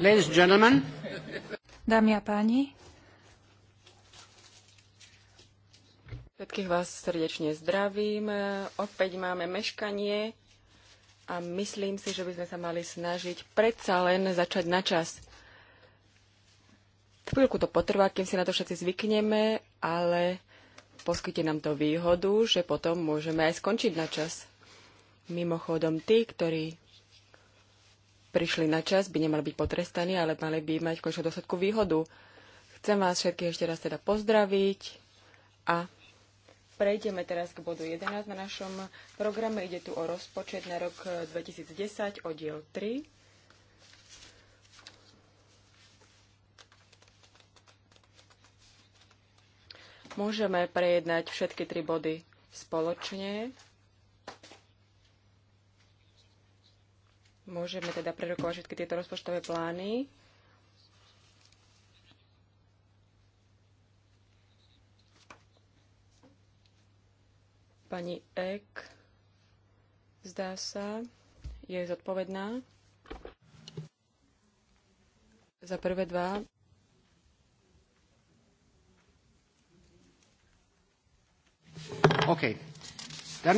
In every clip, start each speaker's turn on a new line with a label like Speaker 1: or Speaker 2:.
Speaker 1: Ladies and gentlemen.
Speaker 2: Dámy a páni.
Speaker 1: Všetkých vás srdečne zdravím. Opäť máme meškanie a myslím si, že by sme sa mali snažiť predsa len začať na čas. Chvíľku to potrvá, kým si na to všetci zvykneme, ale poskytne nám to výhodu, že potom môžeme aj skončiť na čas. Mimochodom, tí, ktorí prišli na čas, by nemali byť potrestaní, ale mali by mať v končnom dôsledku výhodu. Chcem vás všetkých ešte raz teda pozdraviť a prejdeme teraz k bodu 11 na našom programe. Ide tu o rozpočet na rok 2010, oddiel 3. Môžeme prejednať všetky tri body spoločne. Môžeme teda prerokovať všetky tieto rozpočtové plány. Pani Ek, zdá sa, je zodpovedná za prvé dva OK. Tak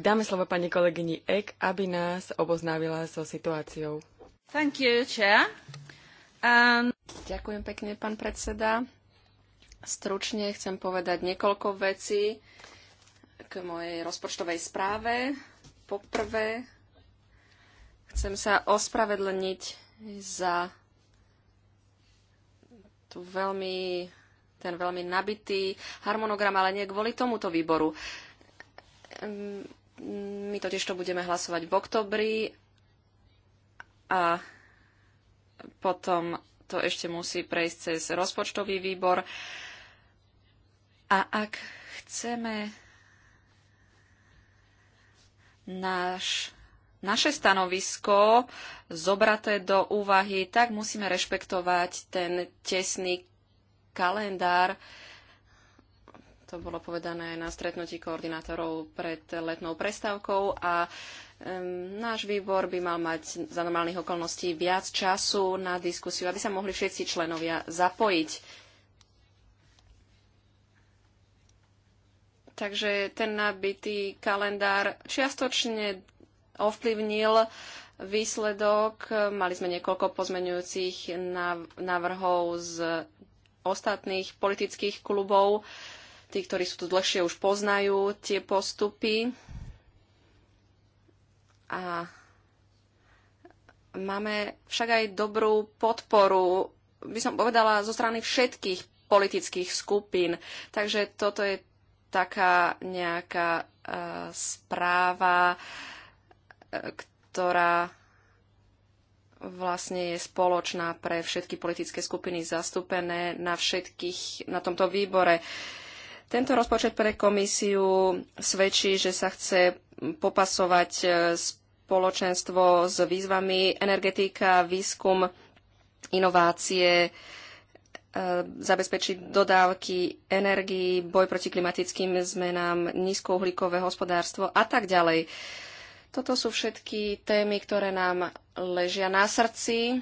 Speaker 1: dáme slovo pani kolegyni Eck, aby nás oboznávila so situáciou. You,
Speaker 3: um... Ďakujem pekne, pán predseda. Stručne chcem povedať niekoľko vecí k mojej rozpočtovej správe. Poprvé, chcem sa ospravedlniť za tú veľmi ten veľmi nabitý harmonogram, ale nie kvôli tomuto výboru. Ehm, my totiž to budeme hlasovať v oktobri a potom to ešte musí prejsť cez rozpočtový výbor. A ak chceme náš, naše stanovisko zobraté do úvahy, tak musíme rešpektovať ten tesný kalendár. To bolo povedané na stretnutí koordinátorov pred letnou prestávkou a náš výbor by mal mať za normálnych okolností viac času na diskusiu, aby sa mohli všetci členovia zapojiť. Takže ten nabitý kalendár čiastočne ovplyvnil výsledok. Mali sme niekoľko pozmenujúcich návrhov z ostatných politických klubov. Tí, ktorí sú tu dlhšie, už poznajú tie postupy. A máme však aj dobrú podporu, by som povedala, zo strany všetkých politických skupín. Takže toto je taká nejaká e, správa, e, ktorá vlastne je spoločná pre všetky politické skupiny zastúpené na všetkých, na tomto výbore. Tento rozpočet pre komisiu svedčí, že sa chce popasovať e, spoločenstvo s výzvami energetika, výskum, inovácie, e, zabezpečiť dodávky energii, boj proti klimatickým zmenám, nízkouhlíkové hospodárstvo a tak ďalej. Toto sú všetky témy, ktoré nám ležia na srdci,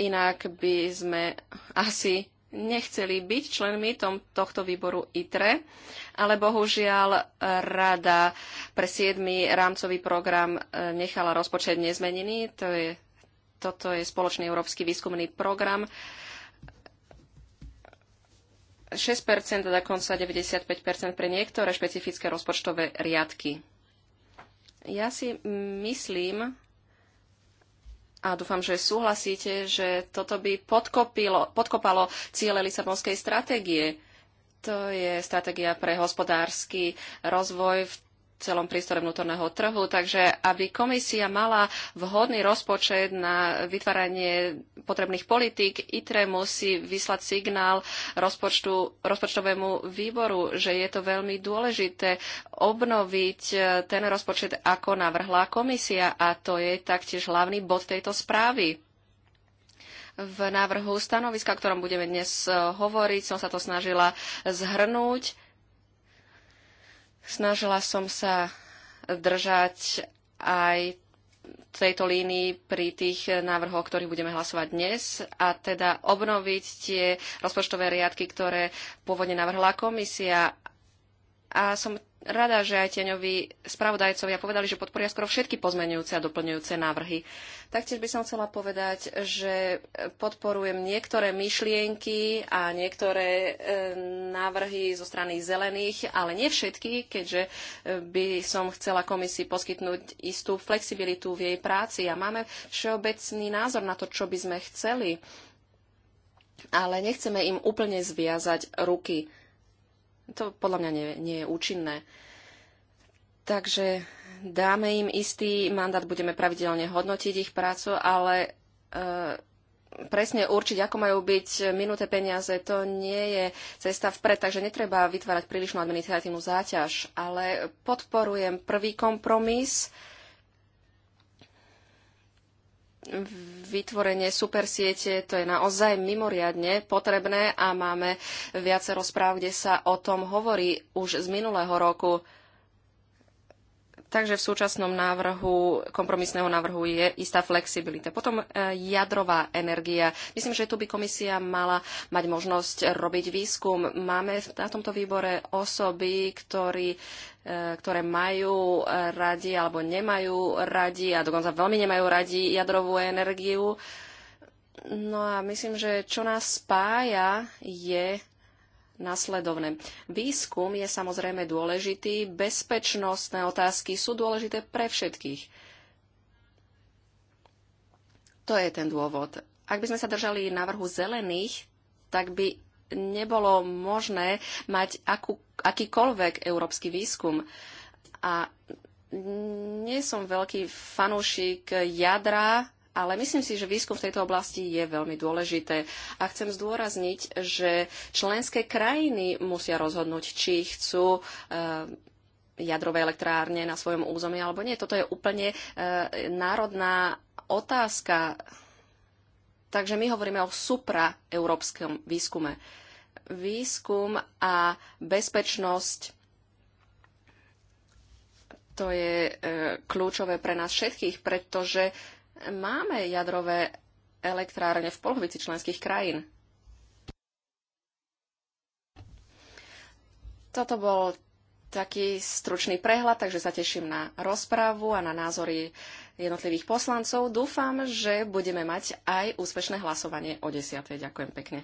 Speaker 3: inak by sme asi nechceli byť členmi tom, tohto výboru ITRE, ale bohužiaľ eh, rada pre 7. rámcový program eh, nechala rozpočet nezmenený. To je, toto je spoločný európsky výskumný program. 6% a dokonca 95% pre niektoré špecifické rozpočtové riadky. Ja si myslím, a dúfam, že súhlasíte, že toto by podkopilo, podkopalo ciele Lisabonskej stratégie. To je stratégia pre hospodársky rozvoj v celom priestore vnútorného trhu. Takže aby komisia mala vhodný rozpočet na vytváranie potrebných politík, ITRE musí vyslať signál rozpočtu, rozpočtovému výboru, že je to veľmi dôležité obnoviť e, ten rozpočet, ako navrhla komisia. A to je taktiež hlavný bod tejto správy v návrhu stanoviska, o ktorom budeme dnes e, hovoriť. Som sa to snažila zhrnúť Snažila som sa držať aj tejto línii pri tých návrhoch, o ktorých budeme hlasovať dnes, a teda obnoviť tie rozpočtové riadky, ktoré pôvodne navrhla komisia a som rada, že aj tieňoví spravodajcovia povedali, že podporia skoro všetky pozmenujúce a doplňujúce návrhy. Taktiež by som chcela povedať, že podporujem niektoré myšlienky a niektoré e, návrhy zo strany zelených, ale nie všetky, keďže e, by som chcela komisii poskytnúť istú flexibilitu v jej práci a máme všeobecný názor na to, čo by sme chceli, ale nechceme im úplne zviazať ruky to podľa mňa nie, nie je účinné. Takže dáme im istý mandát, budeme pravidelne hodnotiť ich prácu, ale e, presne určiť, ako majú byť minuté peniaze, to nie je cesta vpred, takže netreba vytvárať prílišnú administratívnu záťaž. Ale podporujem prvý kompromis, e, vytvorenie supersiete, to je naozaj mimoriadne potrebné a máme viacero správ, kde sa o tom hovorí už z minulého roku. Takže v súčasnom návrhu, kompromisného návrhu je istá flexibilita. Potom e, jadrová energia. Myslím, že tu by komisia mala mať možnosť robiť výskum. Máme na tomto výbore osoby, ktorí e, ktoré majú radi alebo nemajú radi a dokonca veľmi nemajú radi jadrovú energiu. No a myslím, že čo nás spája je nasledovné. Výskum je samozrejme dôležitý, bezpečnostné otázky sú dôležité pre všetkých. To je ten dôvod. Ak by sme sa držali návrhu zelených, tak by nebolo možné mať akú, akýkoľvek európsky výskum. A nie som veľký fanúšik jadra, ale myslím si, že výskum v tejto oblasti je veľmi dôležité. A chcem zdôrazniť, že členské krajiny musia rozhodnúť, či chcú eh, jadrové elektrárne na svojom území alebo nie. Toto je úplne eh, národná otázka. Takže my hovoríme o supraeurópskom výskume. Výskum a bezpečnosť to je e, kľúčové pre nás všetkých, pretože máme jadrové elektrárne v polovici členských krajín. Toto bol taký stručný prehľad, takže sa teším na rozprávu a na názory jednotlivých poslancov. Dúfam, že budeme mať aj úspešné hlasovanie o
Speaker 1: 10. Ďakujem pekne.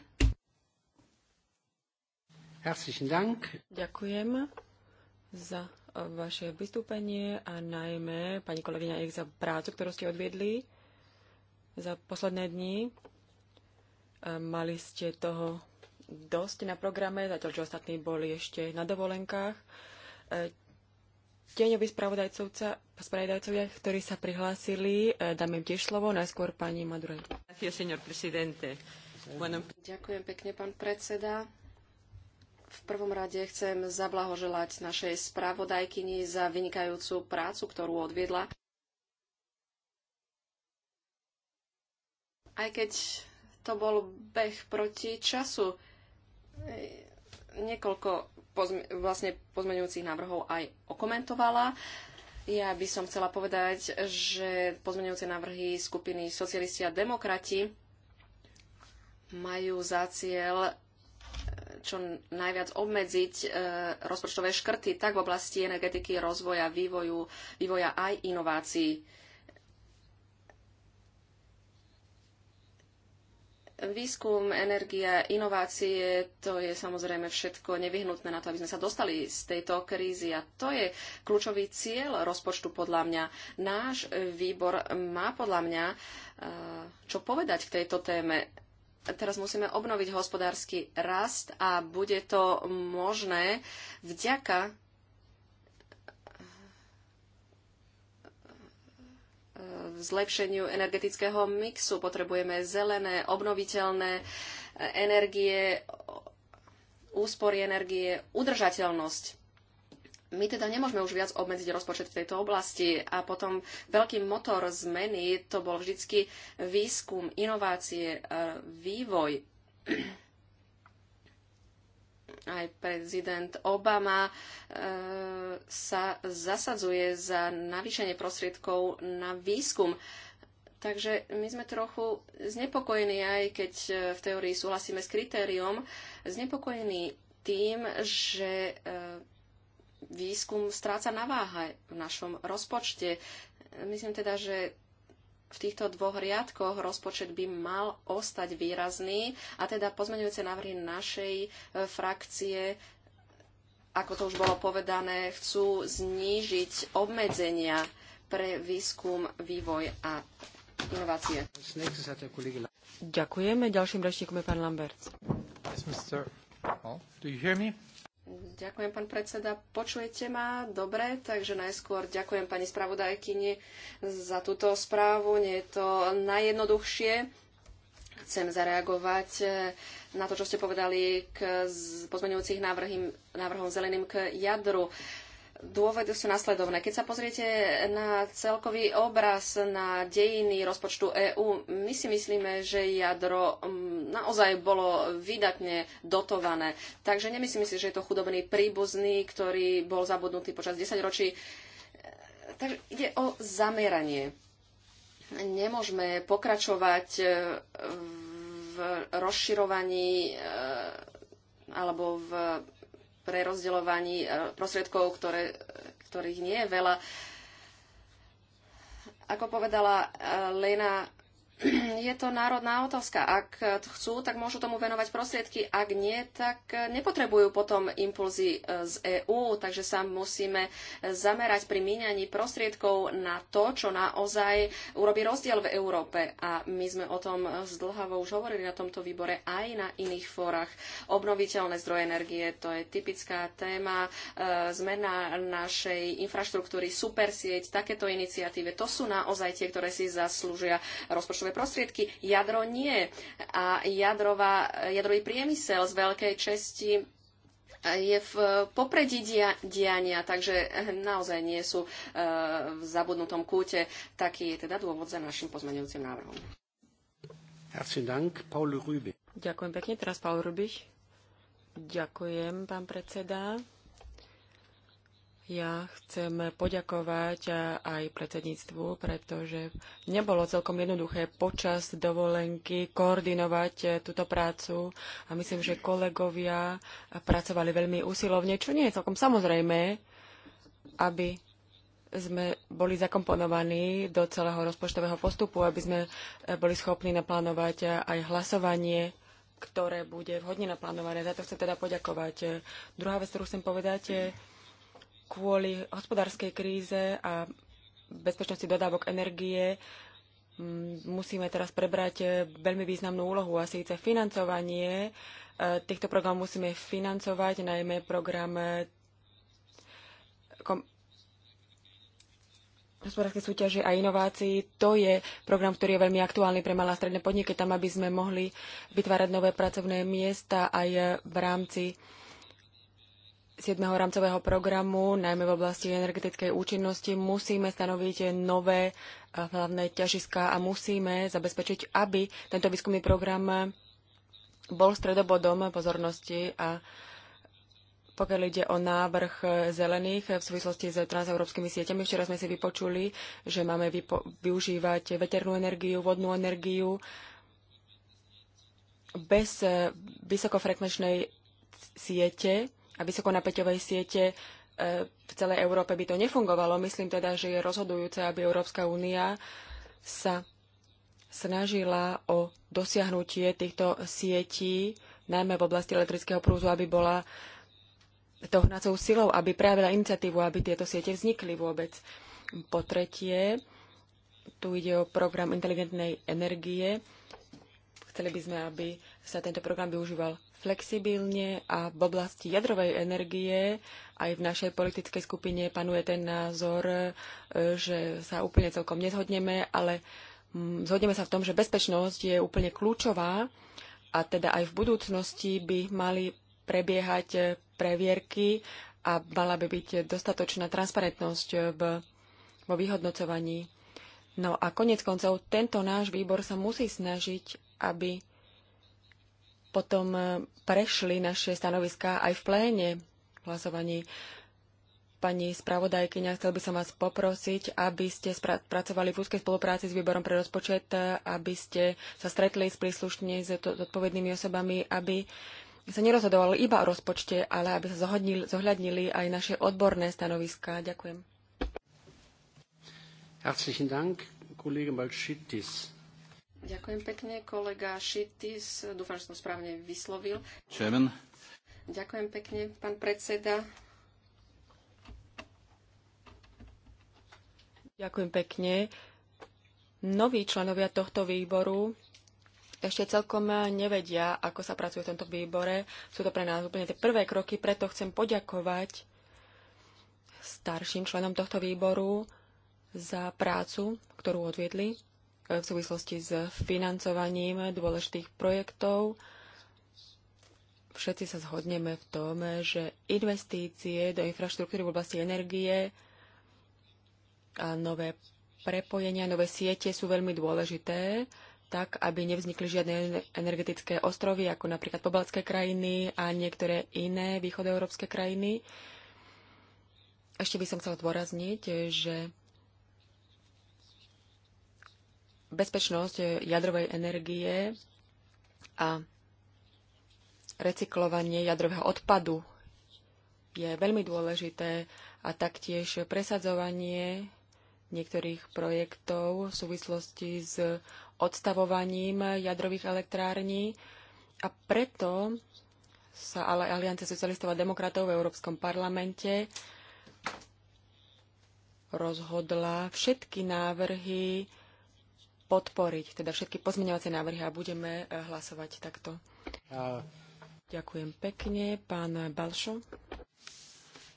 Speaker 4: Herzlichen Dank.
Speaker 1: Ďakujem za vaše vystúpenie a najmä pani kolegyňa ich za prácu, ktorú ste odviedli za posledné dni. Mali ste toho dosť na programe, zatiaľ čo ostatní boli ešte na dovolenkách. E, Tieňoví spravodajcovia, ktorí sa prihlásili, e, dám im tiež slovo, najskôr pani Madurej.
Speaker 3: Ďakujem pekne, pán predseda. V prvom rade chcem zablahoželať našej spravodajkyni za vynikajúcu prácu, ktorú odviedla. Aj keď to bol beh proti času, niekoľko pozme- vlastne pozmeňujúcich návrhov aj okomentovala. Ja by som chcela povedať, že pozmeňujúce návrhy skupiny socialisti a demokrati majú za cieľ čo najviac obmedziť e, rozpočtové škrty tak v oblasti energetiky, rozvoja, vývoju, vývoja aj inovácií. Výskum, energia, inovácie, to je samozrejme všetko nevyhnutné na to, aby sme sa dostali z tejto krízy. A to je kľúčový cieľ rozpočtu podľa mňa. Náš výbor má podľa mňa e, čo povedať k tejto téme teraz musíme obnoviť hospodársky rast a bude to možné vďaka eh, zlepšeniu energetického mixu. Potrebujeme zelené, obnoviteľné eh, energie, úspory energie, udržateľnosť my teda nemôžeme už viac obmedziť rozpočet v tejto oblasti. A potom veľký motor zmeny to bol vždycky výskum, inovácie, e, vývoj. Aj prezident Obama e, sa zasadzuje za navýšenie prostriedkov na výskum. Takže my sme trochu znepokojení, aj keď e, v teórii súhlasíme s kritériom, znepokojení tým, že výskum stráca na váhe v našom rozpočte. Myslím teda, že v týchto dvoch riadkoch rozpočet by mal ostať výrazný a teda pozmeňujúce návrhy našej e, frakcie ako to už bolo povedané, chcú znížiť obmedzenia pre výskum, vývoj a inovácie.
Speaker 1: Ďakujeme. Ďalším rečníkom je pán Lambert. Yes, Mr. Hall, do you hear me?
Speaker 3: Ďakujem, pán predseda. Počujete ma? Dobre, takže najskôr ďakujem pani spravodajkyni za túto správu. Nie je to najjednoduchšie. Chcem zareagovať eh, na to, čo ste povedali k pozmeňujúcich návrhom zeleným k jadru. Dôvody sú nasledovné. Keď sa pozriete na celkový obraz, na dejiny rozpočtu EÚ, my si myslíme, že jadro mm, naozaj bolo vydatne dotované. Takže nemyslíme si, že je to chudobný príbuzný, ktorý bol zabudnutý počas 10 ročí. Takže ide o zameranie. Nemôžeme pokračovať e, v rozširovaní e, alebo v prerozdeľovaní e, prostriedkov, ktoré, ktorých nie je veľa. Ako povedala e, Lena je to národná otázka. Ak chcú, tak môžu tomu venovať prostriedky. Ak nie, tak nepotrebujú potom impulzy e, z EÚ, takže sa musíme zamerať pri míňaní prostriedkov na to, čo naozaj urobí rozdiel v Európe. A my sme o tom zdlhavo už hovorili na tomto výbore aj na iných fórach. Obnoviteľné zdroje energie, to je typická téma. E, zmena našej infraštruktúry, supersieť, takéto iniciatíve, to sú naozaj tie, ktoré si zaslúžia rozpočtovanie finančné prostriedky. Jadro nie. A jadrová, jadrový priemysel z veľkej česti je v popredí dia, diania, takže naozaj nie sú e, v zabudnutom kúte.
Speaker 1: Taký je teda dôvod za našim pozmeňujúcim návrhom. Ďakujem pekne. Teraz Paul Rubich. Ďakujem, pán predseda. Ja chcem poďakovať aj predsedníctvu, pretože nebolo celkom jednoduché počas dovolenky koordinovať túto prácu a myslím, že kolegovia pracovali veľmi úsilovne, čo nie je celkom samozrejme, aby sme boli zakomponovaní do celého rozpočtového postupu, aby sme boli schopní naplánovať aj hlasovanie ktoré bude vhodne naplánované. Za to chcem teda poďakovať. Druhá vec, ktorú chcem povedať, kvôli hospodárskej kríze a bezpečnosti dodávok energie mm, musíme teraz prebrať eh, veľmi významnú úlohu a síce financovanie. Eh, týchto programov musíme financovať, najmä program eh, kom- hospodárskej súťaže a inovácií. To je program, ktorý je veľmi aktuálny pre malé a stredné podniky, tam aby sme mohli vytvárať nové pracovné miesta aj v rámci 7. rámcového programu, najmä v oblasti energetickej účinnosti, musíme stanoviť nové eh, hlavné ťažiska a musíme zabezpečiť, aby tento výskumný program bol stredobodom pozornosti a pokiaľ ide o návrh zelených v súvislosti s transeurópskymi sieťami, včera sme si vypočuli, že máme využívať veternú energiu, vodnú energiu bez eh, vysokofrekvenčnej siete a vysokonapäťovej siete e, v celej Európe by to nefungovalo. Myslím teda, že je rozhodujúce, aby Európska únia sa snažila o dosiahnutie týchto sietí, najmä v oblasti elektrického prúzu, aby bola to hnacou silou, aby prejavila iniciatívu, aby tieto siete vznikli vôbec. Po tretie, tu ide o program inteligentnej energie. Chceli by sme, aby sa tento program využíval flexibilne a v oblasti jadrovej energie aj v našej politickej skupine panuje ten názor, e, že sa úplne celkom nezhodneme, ale mm, zhodneme sa v tom, že bezpečnosť je úplne kľúčová a teda aj v budúcnosti by mali prebiehať e, previerky a mala by byť dostatočná transparentnosť e, v, vo vyhodnocovaní. No a konec koncov tento náš výbor sa musí snažiť, aby potom e, prešli naše stanoviská aj v pléne v hlasovaní. Pani spravodajkyňa, chcel by som vás poprosiť, aby ste pracovali v úzkej spolupráci s výborom pre rozpočet, e, aby ste sa stretli s príslušne s odpovednými osobami, aby sa nerozhodovalo iba o rozpočte, ale aby sa zohľadnili, zohľadnili aj naše odborné stanoviská. Ďakujem.
Speaker 4: Herzlichen Dank, Kollege Balčitis.
Speaker 1: Ďakujem pekne, kolega Šitis.
Speaker 3: Dúfam, že som správne vyslovil. Chairman. Ďakujem pekne, pán predseda.
Speaker 1: Ďakujem pekne. Noví členovia tohto výboru ešte celkom nevedia, ako sa pracuje v tomto výbore. Sú to pre nás úplne tie prvé kroky, preto chcem poďakovať starším členom tohto výboru za prácu, ktorú odviedli v súvislosti s financovaním dôležitých projektov. Všetci sa zhodneme v tom, že investície do infraštruktúry v oblasti energie a nové prepojenia, nové siete sú veľmi dôležité, tak aby nevznikli žiadne energetické ostrovy, ako napríklad pobalské krajiny a niektoré iné východoeurópske krajiny. Ešte by som chcela dôrazniť, že bezpečnosť eh, jadrovej energie a recyklovanie jadrového odpadu je veľmi dôležité a taktiež presadzovanie niektorých projektov v súvislosti s odstavovaním jadrových elektrární. A preto sa ale Aliancia socialistov a demokratov v Európskom parlamente rozhodla všetky návrhy podporiť, teda všetky pozmeňovacie návrhy a budeme eh, hlasovať takto. A... Ďakujem pekne. Pán Balšo.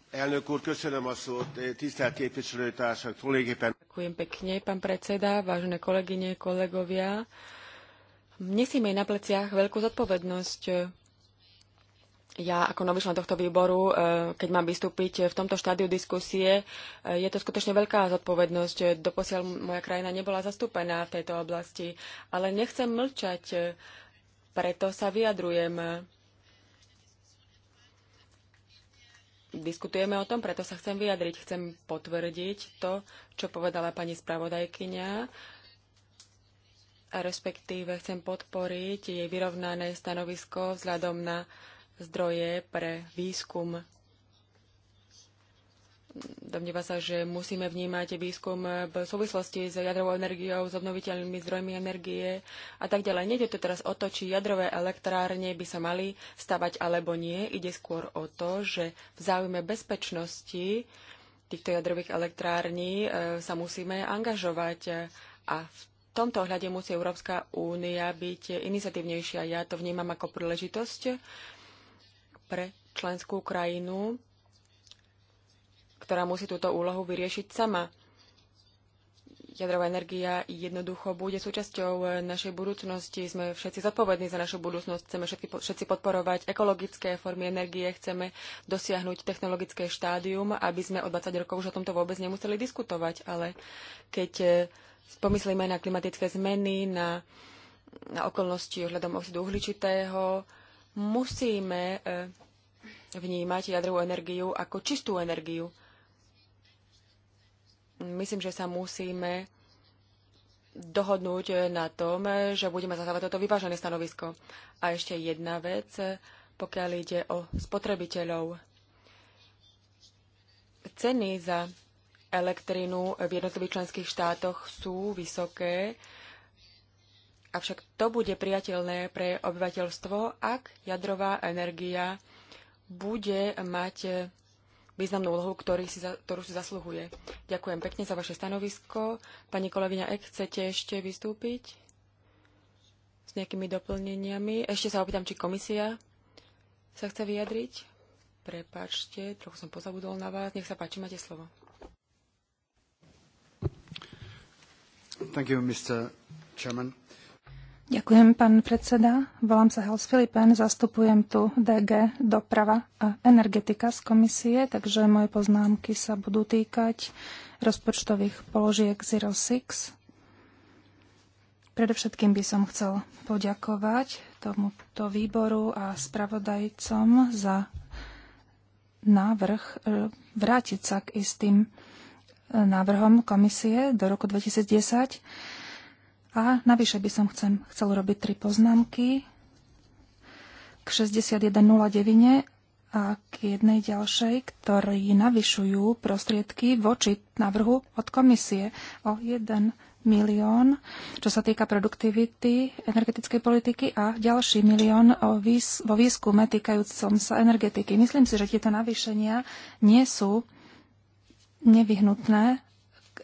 Speaker 4: Elnök úr, köszönöm a szót. Eh, tisztelt képviselőtársak, tulajdonképpen...
Speaker 1: Ďakujem pekne, pán predseda, vážené kolegyne, kolegovia. aj na pleciach veľkú zodpovednosť eh, ja ako nový člen tohto výboru, e, keď mám vystúpiť v tomto štádiu diskusie, e, je to skutočne veľká zodpovednosť. Doposiaľ moja krajina nebola zastúpená v tejto oblasti, ale nechcem mlčať, e, preto sa vyjadrujem. Diskutujeme o tom, preto sa chcem vyjadriť. Chcem potvrdiť to, čo povedala pani spravodajkyňa, respektíve chcem podporiť jej vyrovnané stanovisko vzhľadom na zdroje pre výskum. Domnieva sa, že musíme vnímať výskum v súvislosti s jadrovou energiou, s obnoviteľnými zdrojmi energie a tak ďalej. Nede to teraz o to, či jadrové elektrárne by sa mali stavať alebo nie. Ide skôr o to, že v záujme bezpečnosti týchto jadrových elektrární e, sa musíme angažovať a v tomto ohľade musí Európska únia byť iniciatívnejšia. Ja to vnímam ako príležitosť pre členskú krajinu, ktorá musí túto úlohu vyriešiť sama. Jadrová energia jednoducho bude súčasťou našej budúcnosti. Sme všetci zodpovední za našu budúcnosť. Chceme všetky, všetci podporovať ekologické formy energie. Chceme dosiahnuť technologické štádium, aby sme o 20 rokov už o tomto vôbec nemuseli diskutovať. Ale keď e, pomyslíme na klimatické zmeny, na, na okolnosti ohľadom oxidu uhličitého, musíme e, vnímať jadrovú energiu ako čistú energiu. Myslím, že sa musíme dohodnúť na tom, že budeme zastávať toto vyvážené stanovisko. A ešte jedna vec, pokiaľ ide o spotrebiteľov. Ceny za elektrínu v jednotlivých členských štátoch sú vysoké Avšak to bude priateľné pre obyvateľstvo, ak jadrová energia bude mať významnú úlohu, ktorý si ktorú si zasluhuje. Ďakujem pekne za vaše stanovisko. Pani kolegyňa ak chcete ešte vystúpiť s nejakými doplneniami? Ešte sa opýtam, či komisia sa chce vyjadriť. Prepačte, trochu som pozabudol na vás. Nech sa páči, máte slovo.
Speaker 4: Thank you, Mr. Chairman.
Speaker 2: Ďakujem, pán predseda. Volám sa Hals Filipen, zastupujem tu DG Doprava a Energetika z komisie, takže moje poznámky sa budú týkať rozpočtových položiek 06. Predovšetkým by som chcel poďakovať tomuto výboru a spravodajcom za návrh e, vrátiť sa k istým e, návrhom komisie do roku 2010. A navyše by som chcem, chcel robiť tri poznámky k 6109 a k jednej ďalšej, ktorí navyšujú prostriedky voči návrhu od komisie o 1 milión, čo sa týka produktivity energetickej politiky a ďalší milión výs vo výskume týkajúcom sa energetiky. Myslím si, že tieto navýšenia nie sú nevyhnutné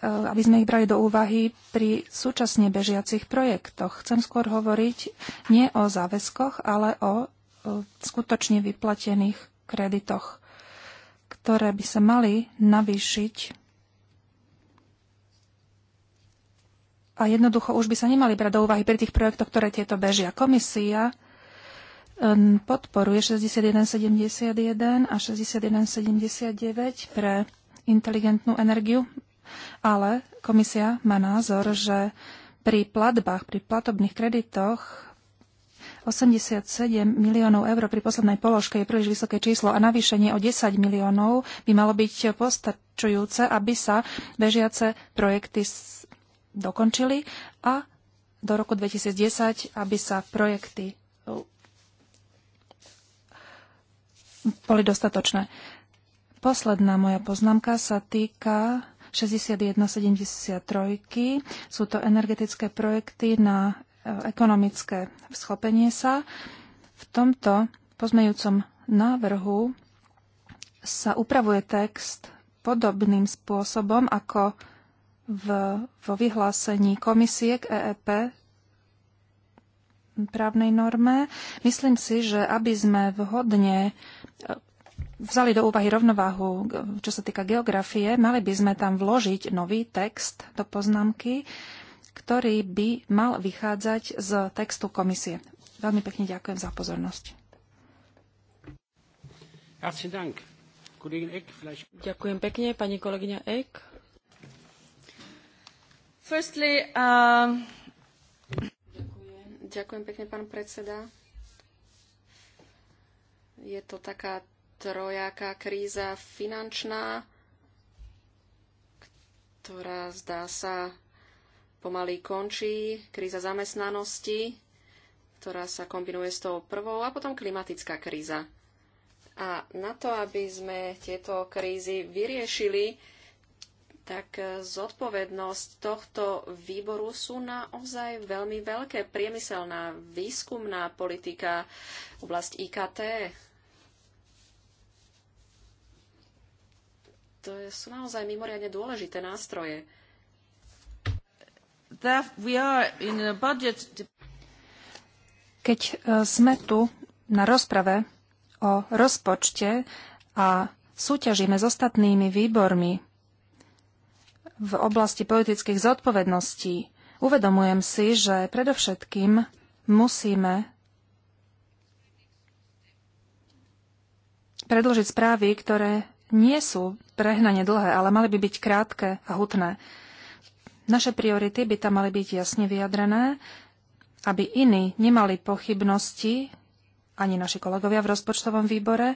Speaker 2: Eh, aby sme ich brali do úvahy pri súčasne bežiacich projektoch. Chcem skôr hovoriť nie o záväzkoch, ale o eh, skutočne vyplatených kreditoch, ktoré by sa mali navýšiť a jednoducho už by sa nemali brať do úvahy pri tých projektoch, ktoré tieto bežia. Komisia podporuje 6171 a 6179 pre inteligentnú energiu ale komisia má názor, že pri platbách, pri platobných kreditoch 87 miliónov eur pri poslednej položke je príliš vysoké číslo a navýšenie o 10 miliónov by malo byť postačujúce, aby sa bežiace projekty dokončili a do roku 2010, aby sa projekty uh, boli dostatočné. Posledná moja poznámka sa týka 6173. Sú to energetické projekty na e, ekonomické schopenie sa. V tomto pozmejúcom návrhu sa upravuje text podobným spôsobom ako v, vo vyhlásení komisie k EEP právnej norme. Myslím si, že aby sme vhodne vzali do úvahy rovnováhu, čo sa týka geografie, mali by sme tam vložiť nový text do poznámky, ktorý by mal vychádzať z textu komisie. Veľmi pekne ďakujem za pozornosť.
Speaker 1: Ďakujem pekne, pani kolegyňa Ek.
Speaker 3: Firstly, uh... ďakujem. ďakujem pekne, pán predseda. Je to taká trojaká kríza finančná, ktorá zdá sa pomaly končí, kríza zamestnanosti, ktorá sa kombinuje s tou prvou, a potom klimatická kríza. A na to, aby sme tieto krízy vyriešili, tak zodpovednosť tohto výboru sú naozaj veľmi veľké. Priemyselná, výskumná politika, oblasť IKT, to sú naozaj mimoriadne dôležité nástroje.
Speaker 2: Keď e, sme tu na rozprave o rozpočte a súťažíme s ostatnými výbormi v oblasti politických zodpovedností, uvedomujem si, že predovšetkým musíme predložiť správy, ktoré nie sú prehnane dlhé, ale mali by byť krátke a hutné. Naše priority by tam mali byť jasne vyjadrené, aby iní nemali pochybnosti, ani naši kolegovia v rozpočtovom výbore,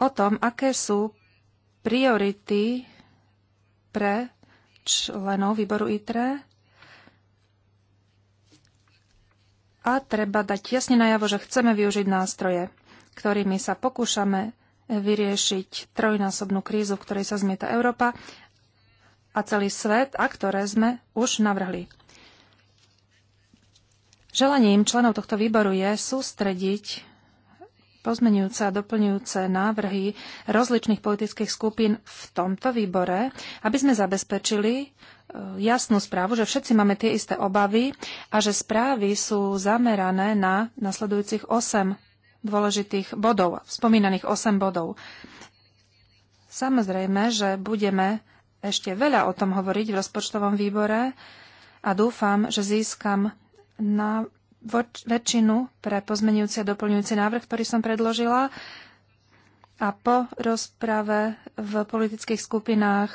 Speaker 2: o tom, aké sú priority pre členov výboru ITRE a treba dať jasne najavo, že chceme využiť nástroje, ktorými sa pokúšame vyriešiť trojnásobnú krízu, v ktorej sa zmieta Európa a celý svet, a ktoré sme už navrhli. Želaním členov tohto výboru je sústrediť pozmenujúce a doplňujúce návrhy rozličných politických skupín v tomto výbore, aby sme zabezpečili e, jasnú správu, že všetci máme tie isté obavy a že správy sú zamerané na nasledujúcich 8 dôležitých bodov, spomínaných 8 bodov. Samozrejme, že budeme ešte veľa o tom hovoriť v rozpočtovom výbore a dúfam, že získam na väčšinu pre pozmenujúci a doplňujúci návrh, ktorý som predložila. A po rozprave v politických skupinách,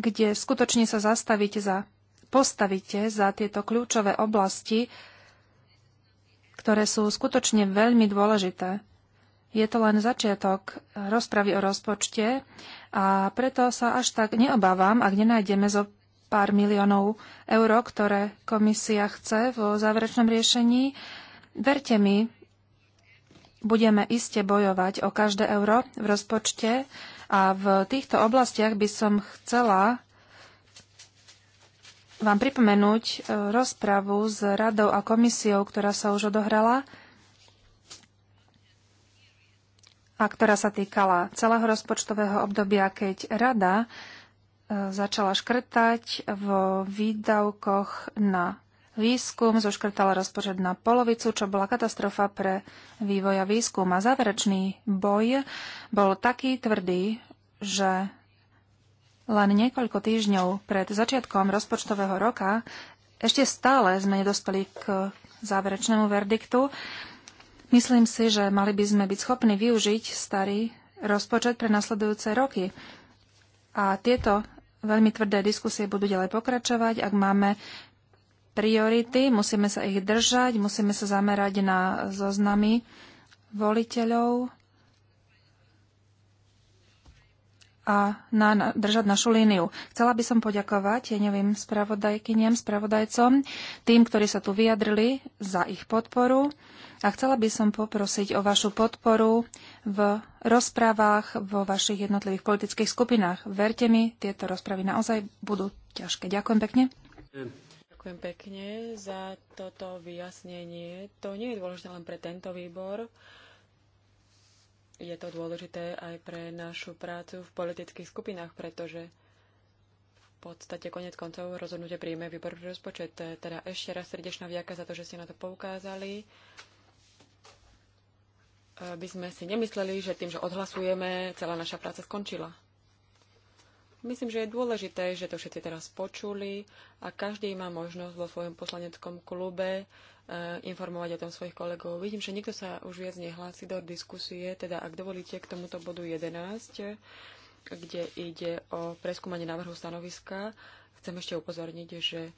Speaker 2: kde skutočne sa zastavíte za, postavíte za tieto kľúčové oblasti, ktoré sú skutočne veľmi dôležité. Je to len začiatok rozpravy o rozpočte a preto sa až tak neobávam, ak nenájdeme zo pár miliónov eur, ktoré komisia chce vo záverečnom riešení. Verte mi, budeme iste bojovať o každé euro v rozpočte a v týchto oblastiach by som chcela vám pripomenúť e, rozpravu s radou a komisiou, ktorá sa už odohrala a ktorá sa týkala celého rozpočtového obdobia, keď rada e, začala škrtať vo výdavkoch na výskum, zoškrtala rozpočet na polovicu, čo bola katastrofa pre vývoja výskum. A záverečný boj bol taký tvrdý, že len niekoľko týždňov pred začiatkom rozpočtového roka ešte stále sme nedospeli k záverečnému verdiktu. Myslím si, že mali by sme byť schopní využiť starý rozpočet pre nasledujúce roky. A tieto veľmi tvrdé diskusie budú ďalej pokračovať. Ak máme priority, musíme sa ich držať, musíme sa zamerať na zoznamy voliteľov, a na, na, držať našu líniu. Chcela by som poďakovať tieňovým spravodajkyniam, spravodajcom, tým, ktorí sa tu vyjadrili za ich podporu a chcela by som poprosiť o vašu podporu v rozprávach vo vašich jednotlivých politických skupinách. Verte mi, tieto rozpravy naozaj budú ťažké. Ďakujem pekne.
Speaker 1: Ďakujem pekne za toto vyjasnenie. To nie je dôležité len pre tento výbor, je to dôležité aj pre našu prácu v politických skupinách, pretože v podstate konec koncov rozhodnutie príjme výbor pre rozpočet. Teda ešte raz srdečná vďaka za to, že ste na to poukázali. By sme si nemysleli, že tým, že odhlasujeme, celá naša práca skončila. Myslím, že je dôležité, že to všetci teraz počuli a každý má možnosť vo svojom poslaneckom klube e, informovať o tom svojich kolegov. Vidím, že nikto sa už viac nehlási do diskusie, teda ak dovolíte k tomuto bodu 11, kde ide o preskúmanie návrhu stanoviska, chcem ešte upozorniť, že e,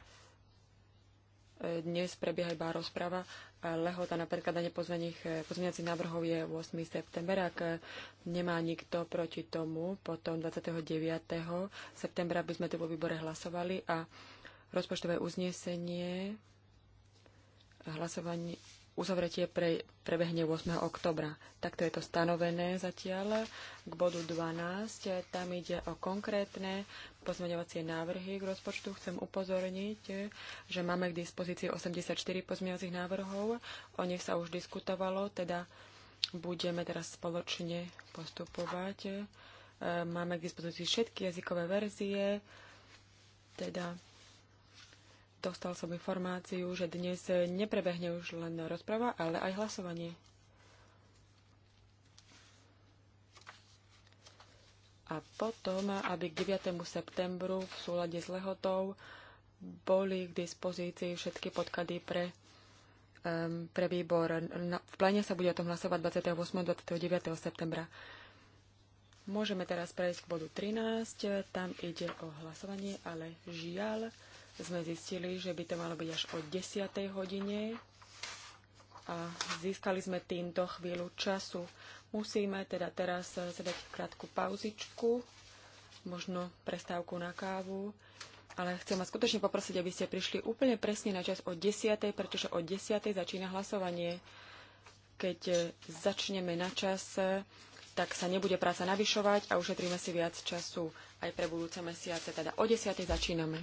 Speaker 1: dnes prebieha iba rozprava lehota na predkladanie eh, pozmeňacích návrhov je 8. september. Ak eh, nemá nikto proti tomu, potom 29. septembra by sme tu vo výbore hlasovali a rozpočtové uznesenie hlasovanie Uzavretie pre, prebehne 8. oktobra. Takto je to stanovené zatiaľ. K bodu 12 eh, tam ide o konkrétne pozmeňovacie návrhy k rozpočtu. Chcem upozorniť, eh, že máme k dispozícii 84 pozmeňovacích návrhov. O nich sa už diskutovalo, teda budeme teraz spoločne postupovať. Eh, máme k dispozícii všetky jazykové verzie, teda Dostal som informáciu, že dnes neprebehne už len rozprava, ale aj hlasovanie. A potom, aby k 9. septembru v súlade s lehotou boli k dispozícii všetky podklady pre, um, pre výbor. Na, v pláne sa bude o tom hlasovať 28. a 29. septembra. Môžeme teraz prejsť k bodu 13. Tam ide o hlasovanie, ale žiaľ, sme zistili, že by to malo byť až o 10. hodine a získali sme týmto chvíľu času. Musíme teda teraz zadať krátku pauzičku, možno prestávku na kávu, ale chcem vás skutočne poprosiť, aby ste prišli úplne presne na čas o 10. pretože o 10. začína hlasovanie. Keď začneme na čas, tak sa nebude práca navyšovať a ušetríme si viac času aj pre budúce mesiace. Teda o 10. začíname.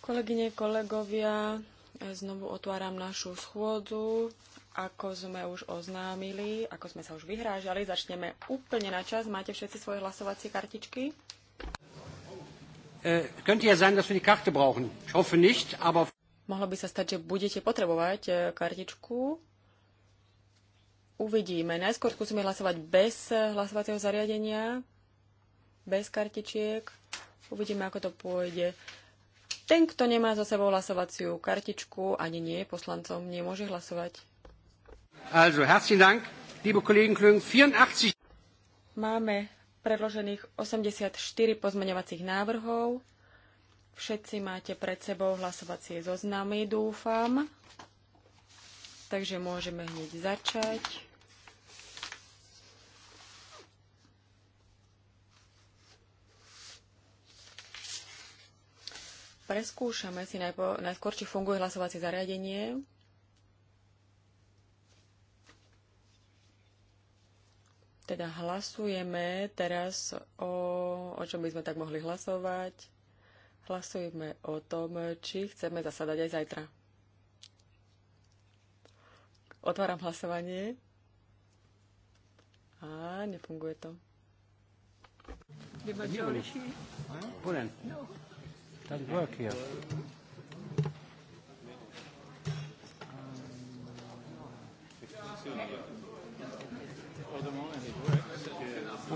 Speaker 1: Kolegyne, kolegovia, znovu otváram našu schôdzu. Ako sme už oznámili, ako sme sa už vyhrážali, začneme úplne na čas. Máte všetci svoje hlasovacie kartičky?
Speaker 4: Äh, könnte ja sein, dass wir die Karte brauchen. Ich hoffe nicht, aber...
Speaker 1: Mohlo by sa stať, že budete potrebovať äh, kartičku uvidíme. Najskôr skúsime hlasovať bez eh, hlasovacieho zariadenia, bez kartičiek. Uvidíme, ako to pôjde. Ten, kto nemá za sebou hlasovaciu kartičku, ani nie poslancom, nemôže hlasovať.
Speaker 4: Also, herzlichen Dank, liebe Kollegen 84.
Speaker 1: Máme predložených 84 pozmeňovacích návrhov. Všetci máte pred sebou hlasovacie zoznamy, dúfam. Takže môžeme hneď začať. Preskúšame si najpo, najskôr, či funguje hlasovacie zariadenie. Teda hlasujeme teraz o, o čom by sme tak mohli hlasovať. Hlasujeme o tom, či chceme zasadať aj zajtra. Otváram hlasovanie. A nefunguje to.
Speaker 4: Vy doesn't work here.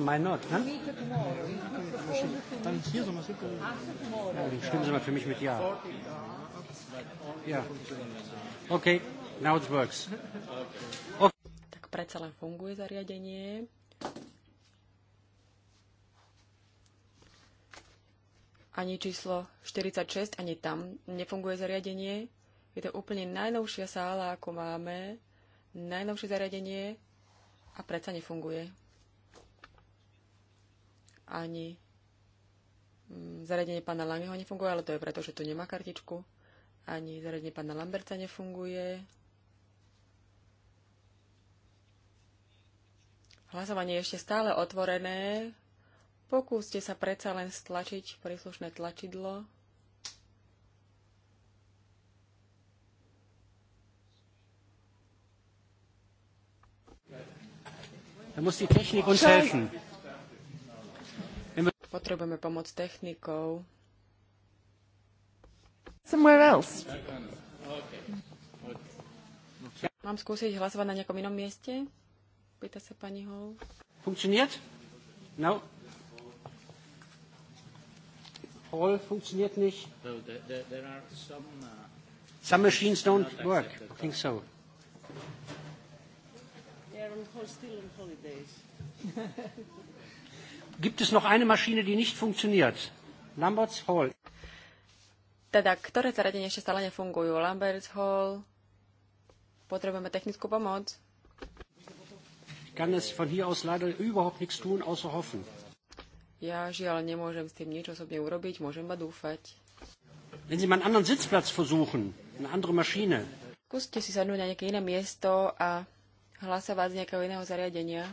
Speaker 4: Mal
Speaker 1: not,
Speaker 2: ne? ja,
Speaker 4: stimmen Sie mal für mich mit Ja. Ja. Okay, now it works. Okay.
Speaker 1: Tak predsa len funguje zariadenie. ani číslo 46, ani tam nefunguje zariadenie. Je to úplne najnovšia sála, ako máme, najnovšie zariadenie a predsa nefunguje. Ani mm, zariadenie pána Langeho nefunguje, ale to je preto, že tu nemá kartičku. Ani zariadenie pána Lamberta nefunguje. Hlasovanie je ešte stále otvorené. Pokúste sa predsa len stlačiť príslušné tlačidlo. Potrebujeme pomoc technikou.
Speaker 4: Somewhere else.
Speaker 1: Mám skúsiť hlasovať na nejakom inom mieste? Pýta sa pani Hou.
Speaker 4: Funkcioniert? No funktioniert nicht. there, there, are some, uh, some machines don't work. I think so. Gibt es noch eine Maschine, die nicht funktioniert? Lamberts Hall.
Speaker 1: Teda, ktoré zariadenia ešte stále nefungujú? Lamberts Hall. Potrebujeme technickú pomoc.
Speaker 4: Ich kann es von hier aus leider überhaupt nichts tun, außer hoffen.
Speaker 1: Ja žiaľ nemôžem s tým nič osobne urobiť, môžem iba dúfať.
Speaker 4: Wenn Sie mal einen anderen Sitzplatz versuchen, eine andere Maschine.
Speaker 1: Skúste si sadnúť na nejaké iné miesto a hlasovať z nejakého iného zariadenia.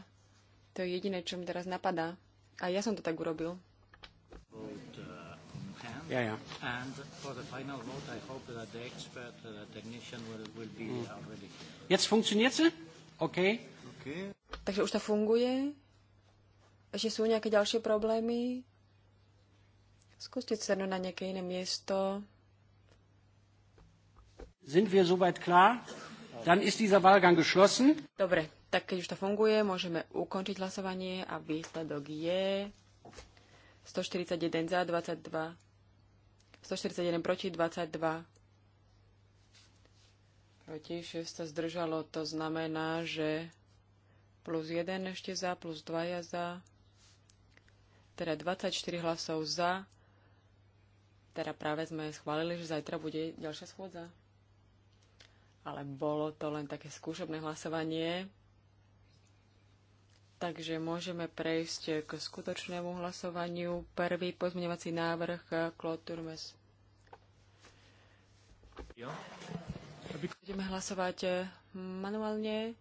Speaker 1: To je jediné, čo mi teraz napadá. A ja som to tak urobil. Ja, ja. Jetzt
Speaker 4: funktioniert sie? Okay. okay.
Speaker 1: Takže už to funguje že sú nejaké ďalšie problémy? Skúste sa na nejaké iné miesto.
Speaker 4: Sind wir soweit klar? Dann ist dieser Wahlgang geschlossen.
Speaker 1: Dobre, tak keď už to funguje, môžeme ukončiť hlasovanie a výsledok je 141 za, 22. 141 proti, 22. Proti 6 sa zdržalo, to znamená, že plus 1 ešte za, plus 2 ja za teda 24 hlasov za. Teda práve sme schválili, že zajtra bude ďalšia schôdza. Ale bolo to len také skúšobné hlasovanie. Takže môžeme prejsť k skutočnému hlasovaniu. Prvý pozmeňovací návrh eh, Claude Turmes. Budeme hlasovať eh, manuálne.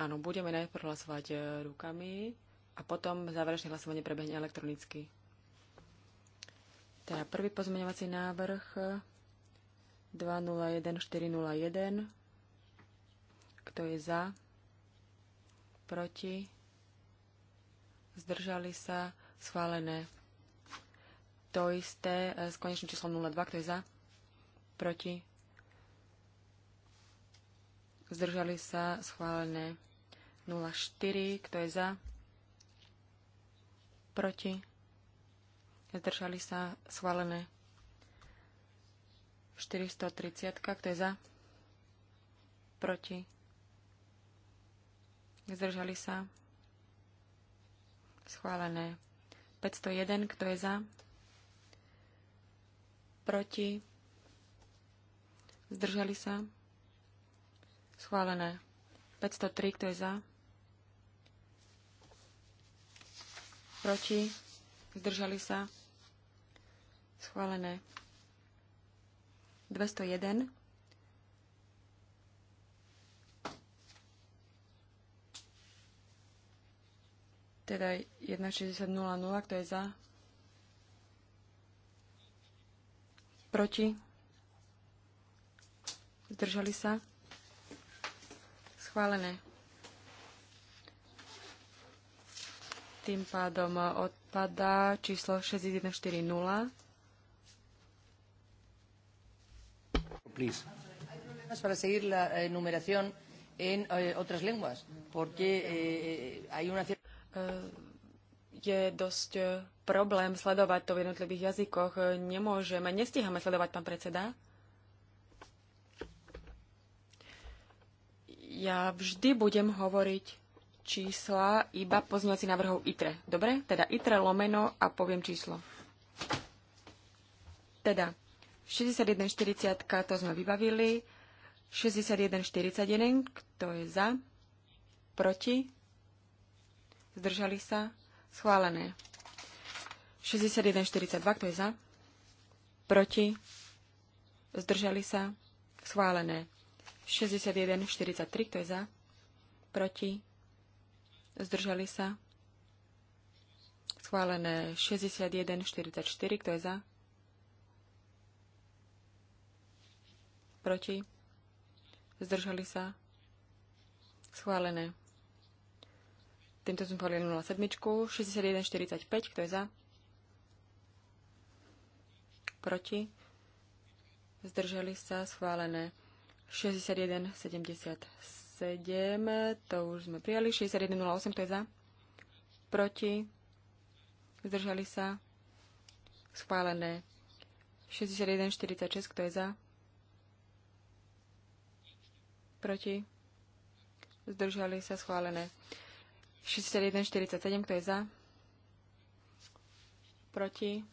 Speaker 1: Áno, budeme najprv hlasovať eh, rukami a potom záverečné hlasovanie prebehne elektronicky. Teda prvý pozmeňovací návrh 201401. Kto je za? Proti? Zdržali sa? Schválené. To isté e, s konečným číslom 02. Kto je za? Proti? Zdržali sa? Schválené. 04. Kto je za? proti, zdržali sa schválené 430, kto je za, proti, zdržali sa schválené 501, kto je za, proti, zdržali sa schválené 503, kto je za, proti, zdržali sa, schválené. 201, teda 1.60.00, kto je za? Proti? Zdržali sa? Schválené. Tým pádom odpadá číslo 6140.
Speaker 4: Please.
Speaker 2: Para seguir la enumeración en eh, otras lenguas, porque eh, hay una cierta eh,
Speaker 1: je dosť problém sledovať to v jednotlivých jazykoch. Nemôžeme, nestíhame sledovať, pán predseda. Ja vždy budem hovoriť čísla iba pozňovací návrhov ITRE. Dobre? Teda ITRE lomeno a poviem číslo. Teda 6140 to sme vybavili, 6141, kto je za, proti, zdržali sa, schválené. 6142, kto je za, proti, zdržali sa, schválené. 6143, kto je za, proti, zdržali sa. Schválené 61, 44, kto je za? Proti? Zdržali sa? Schválené. Týmto som schválil 07, 61, 45, kto je za? Proti? Zdržali sa? Schválené. 61, 77. 67, to už sme prijali. 6108, to je za. Proti. Zdržali sa. Schválené. 6146, kto je za? Proti. Zdržali sa. Schválené. 6147, kto je za? Proti.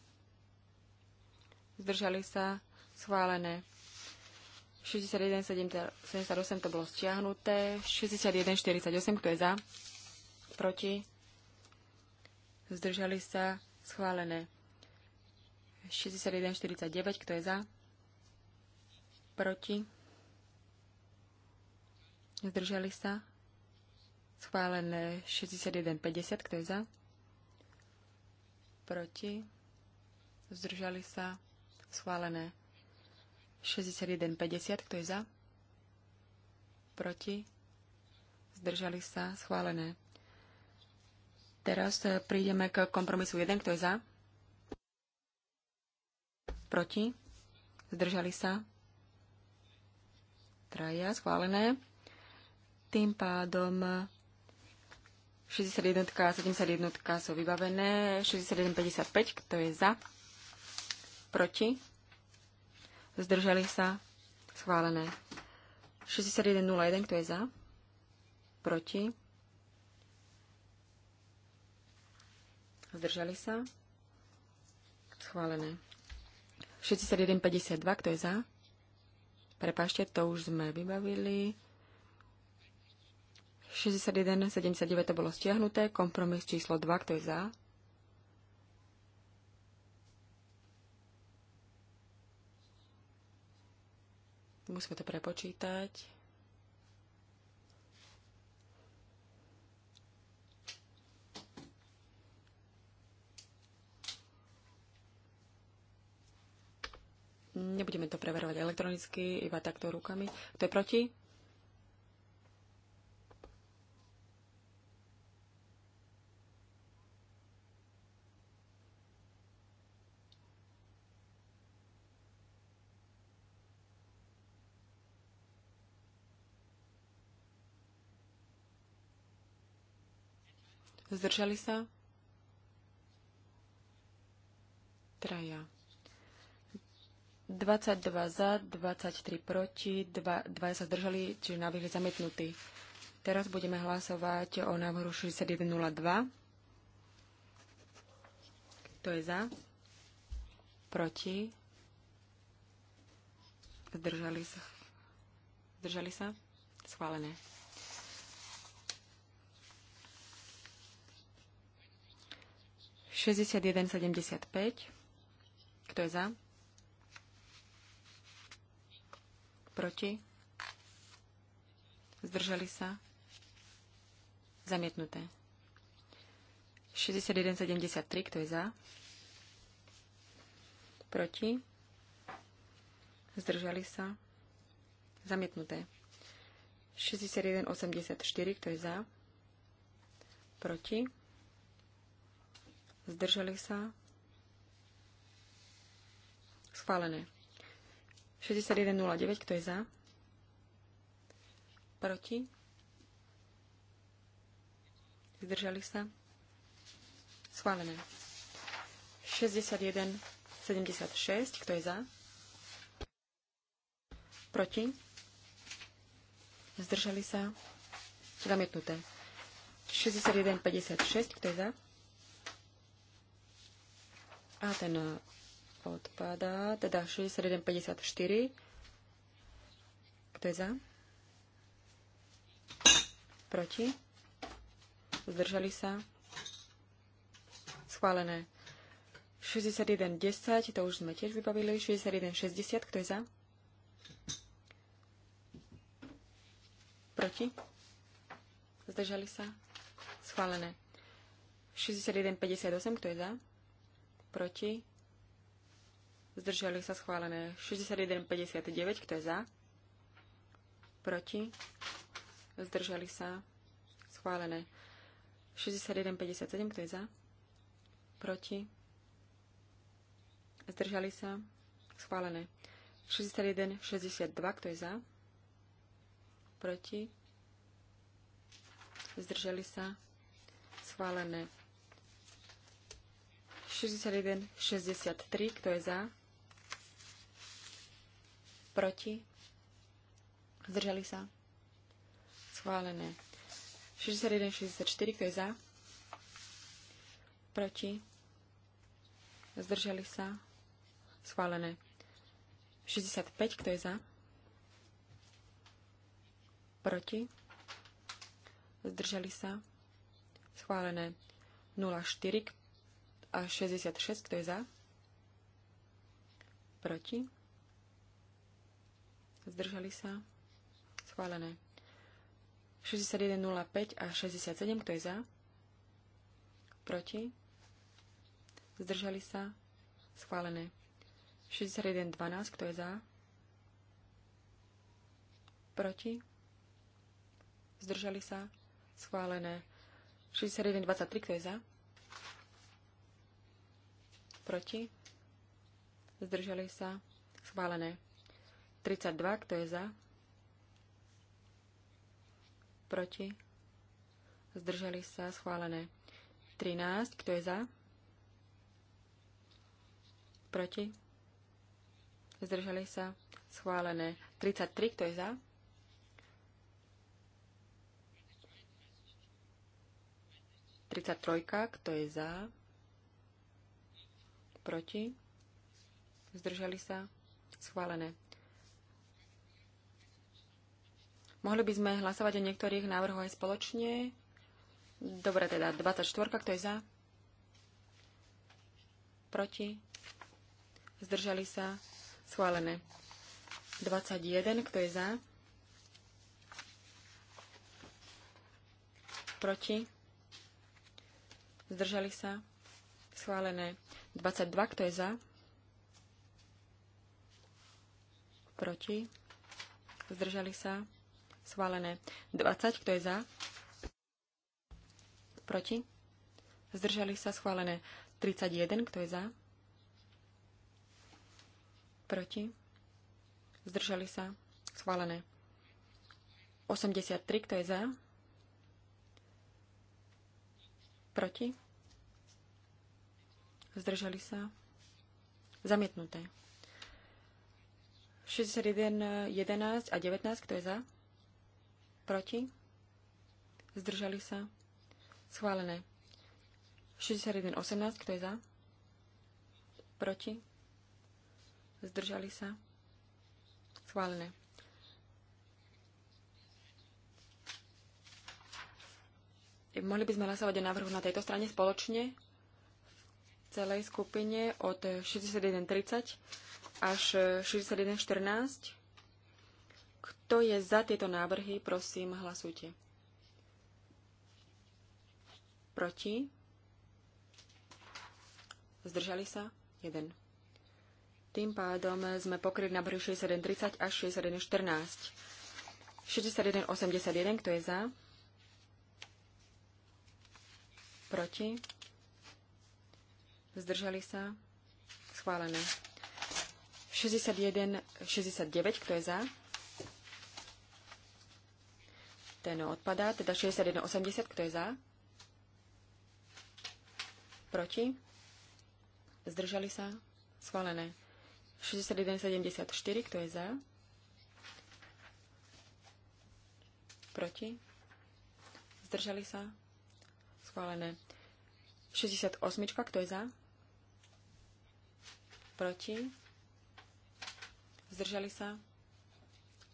Speaker 1: Zdržali sa. Schválené. 61, 78 to bolo stiahnuté. 61, 48, kto je za? Proti? Zdržali sa? Schválené. 61, 49, kto je za? Proti? Zdržali sa? Schválené 61, 50, kto je za? Proti? Zdržali sa? Schválené 61,50. Kto je za? Proti? Zdržali sa? Schválené. Teraz e, prídeme k kompromisu 1. Kto je za? Proti? Zdržali sa? Traja. Schválené. Tým pádom 61 a 71 sú vybavené. 61,55. Kto je za? Proti? zdržali sa, schválené. 61.01, kto je za, proti, zdržali sa, schválené. 61.52, kto je za, prepašte, to už sme vybavili. 61.79 to bolo stiahnuté, kompromis číslo 2, kto je za, Musíme to prepočítať. Nebudeme to preverovať elektronicky, iba takto rukami. Kto je proti? Zdržali sa? Traja. 22 za, 23 proti, 2, 2 sa zdržali, čiže návrh je zamietnutý. Teraz budeme hlasovať o návrhu 6102. Kto je za? Proti? Zdržali sa? Zdržali sa? Schválené. 61,75. Kto je za? Proti? Zdržali sa? Zamietnuté. 61,73. Kto je za? Proti? Zdržali sa? Zamietnuté. 61,84. Kto je za? Proti? Zdržali sa? Schválené. 61.09, kto je za? Proti? Zdržali sa? Schválené. 61.76, kto je za? Proti? Zdržali sa? Zamietnuté. 61.56, kto je za? A ten odpadá, teda 61,54. Kto je za? Proti? Zdržali sa? Schválené. 61,10, to už sme tiež vybavili. 61,60, kto je za? Proti? Zdržali sa? Schválené. 61,58, kto je za? proti, zdržali sa schválené 61,59, kto je za, proti, zdržali sa schválené 61,57, kto je za, proti, zdržali sa schválené 61,62, kto je za, proti, zdržali sa schválené 61, 63, kto je za? Proti? Zdržali sa? Schválené. 61, 64, kto je za? Proti? Zdržali sa? Schválené. 65, kto je za? Proti? Zdržali sa? Schválené. 04, a 66, kto je za? Proti? Zdržali sa? Schválené. 61.05 a 67, kto je za? Proti? Zdržali sa? Schválené. 61.12, kto je za? Proti? Zdržali sa? Schválené. 61.23, kto je za? proti, zdržali sa, schválené. 32, kto je za, proti, zdržali sa, schválené. 13, kto je za, proti, zdržali sa, schválené. 33, kto je za, Tridsaťtrojka, kto je za? proti, zdržali sa, schválené. Mohli by sme hlasovať o niektorých návrhoch aj spoločne. Dobre, teda 24, kto je za? Proti? Zdržali sa? Schválené. 21, kto je za? Proti? Zdržali sa? Schválené. 22, kto je za? Proti? Zdržali sa? Schválené. 20, kto je za? Proti? Zdržali sa? Schválené. 31, kto je za? Proti? Zdržali sa? Schválené. 83, kto je za? Proti? Zdržali sa? Zamietnuté. 61, 11 a 19, kto je za? Proti? Zdržali sa? Schválené. 61, 18, kto je za? Proti? Zdržali sa? Schválené. Mohli by sme hlasovať o návrhu na tejto strane spoločne? celej skupine od 61.30 až 61.14. Kto je za tieto návrhy, prosím, hlasujte. Proti? Zdržali sa? 1. Tým pádom sme pokryli na brhu 61.30 až 61.14. 61.81, kto je za? Proti? zdržali sa, schválené. 61, 69, kto je za? Ten odpadá, teda 61, 80, kto je za? Proti? Zdržali sa? Schválené. 61, 74, kto je za? Proti? Zdržali sa? Schválené. 68, kto je za? proti, zdržali sa,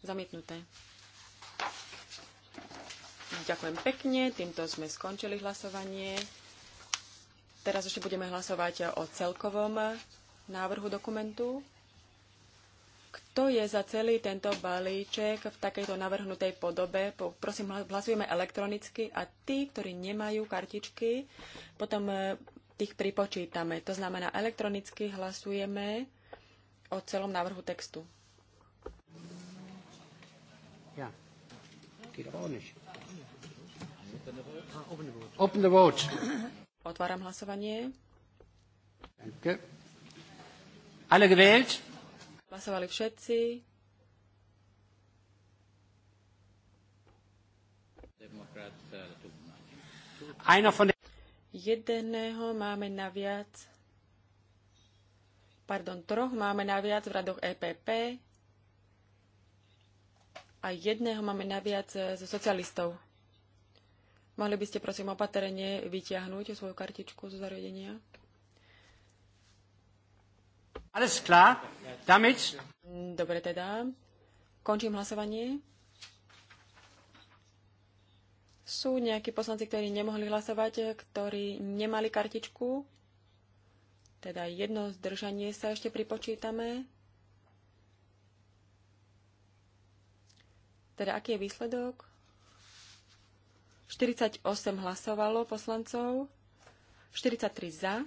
Speaker 1: zamietnuté. Ďakujem pekne, týmto sme skončili hlasovanie. Teraz ešte budeme hlasovať o celkovom návrhu dokumentu. Kto je za celý tento balíček v takejto navrhnutej podobe? Prosím, hlasujeme elektronicky a tí, ktorí nemajú kartičky, potom tých pripočítame. To znamená, elektronicky hlasujeme o celom návrhu textu. Ja. Ah, open the vote. Otváram hlasovanie.
Speaker 4: Danke. Alle gewählt?
Speaker 1: Hlasovali všetci.
Speaker 4: Äh, Einer von
Speaker 1: Jedného máme naviac, pardon, troch máme naviac v radoch EPP a jedného máme naviac zo socialistov. Mohli by ste prosím opatrne vyťahnuť svoju kartičku zo zariadenia? Alles klar, damit. Dobre teda. Končím hlasovanie. Sú nejakí poslanci, ktorí nemohli hlasovať, ktorí nemali kartičku. Teda jedno zdržanie sa ešte pripočítame. Teda aký je výsledok? 48 hlasovalo poslancov, 43 za,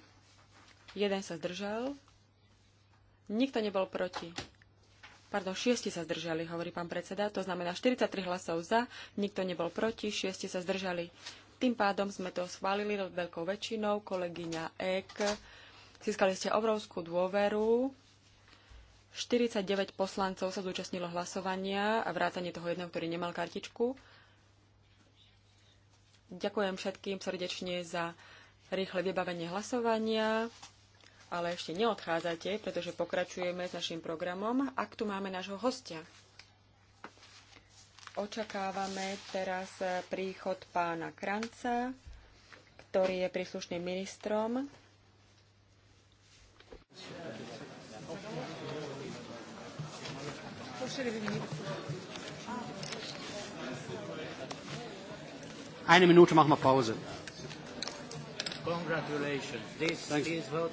Speaker 1: jeden sa zdržal, nikto nebol proti. Pardon, šiesti sa zdržali, hovorí pán predseda. To znamená 43 hlasov za, nikto nebol proti, šiesti sa zdržali. Tým pádom sme to schválili veľkou väčšinou. Kolegyňa Ek, získali ste obrovskú dôveru. 49 poslancov sa zúčastnilo hlasovania a vrátanie toho jedného, ktorý nemal kartičku. Ďakujem všetkým srdečne za rýchle vybavenie hlasovania. Ale ešte neodchádzate, pretože pokračujeme s našim programom. Ak tu máme nášho hostia, očakávame teraz príchod pána Kranca, ktorý je príslušným ministrom.
Speaker 4: Eine Minute machen wir Pause. Congratulations. This, this vote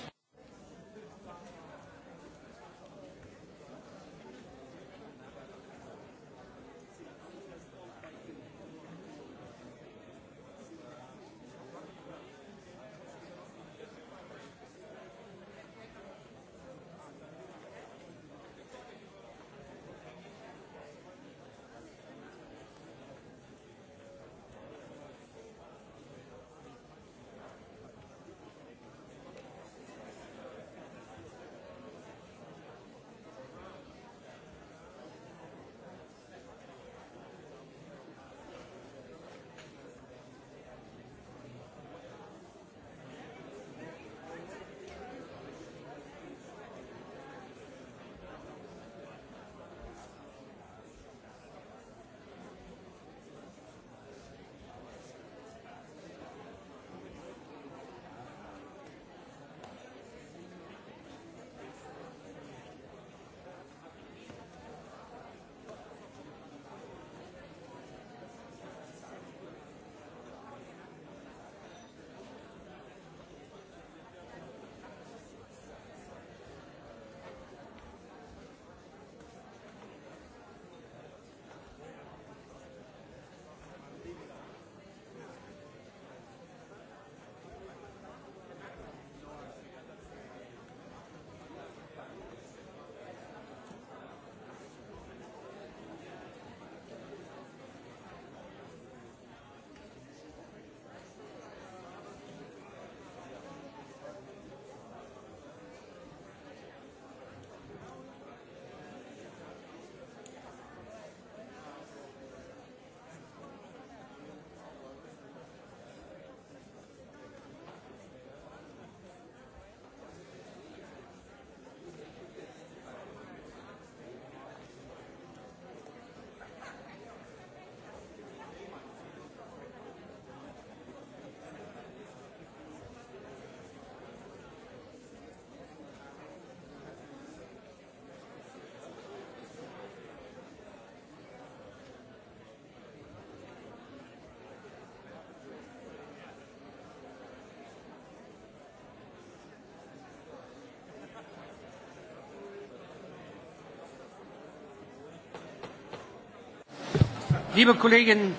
Speaker 4: Kolegyne,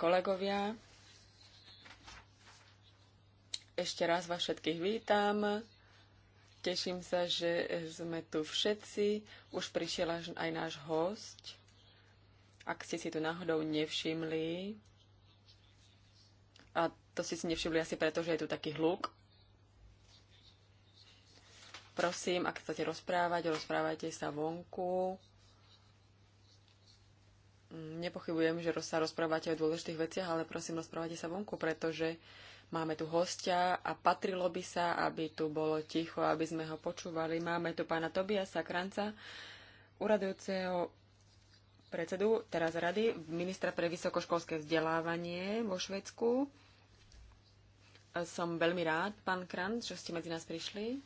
Speaker 1: kolegovia. Ešte raz vás všetkých vítam. Teším sa, že sme tu všetci. Už prišiel aj náš host. Ak ste si tu náhodou nevšimli, a to ste si nevšimli asi preto, že je tu taký hluk, prosím, ak chcete rozprávať, rozprávajte sa vonku nepochybujem, že sa rozprávate o dôležitých veciach, ale prosím, rozprávate sa vonku, pretože máme tu hostia a patrilo by sa, aby tu bolo ticho, aby sme ho počúvali. Máme tu pána Tobiasa Kranca, uradujúceho predsedu, teraz rady, ministra pre vysokoškolské vzdelávanie vo Švedsku. Som veľmi rád, pán Kranc, že ste medzi nás prišli.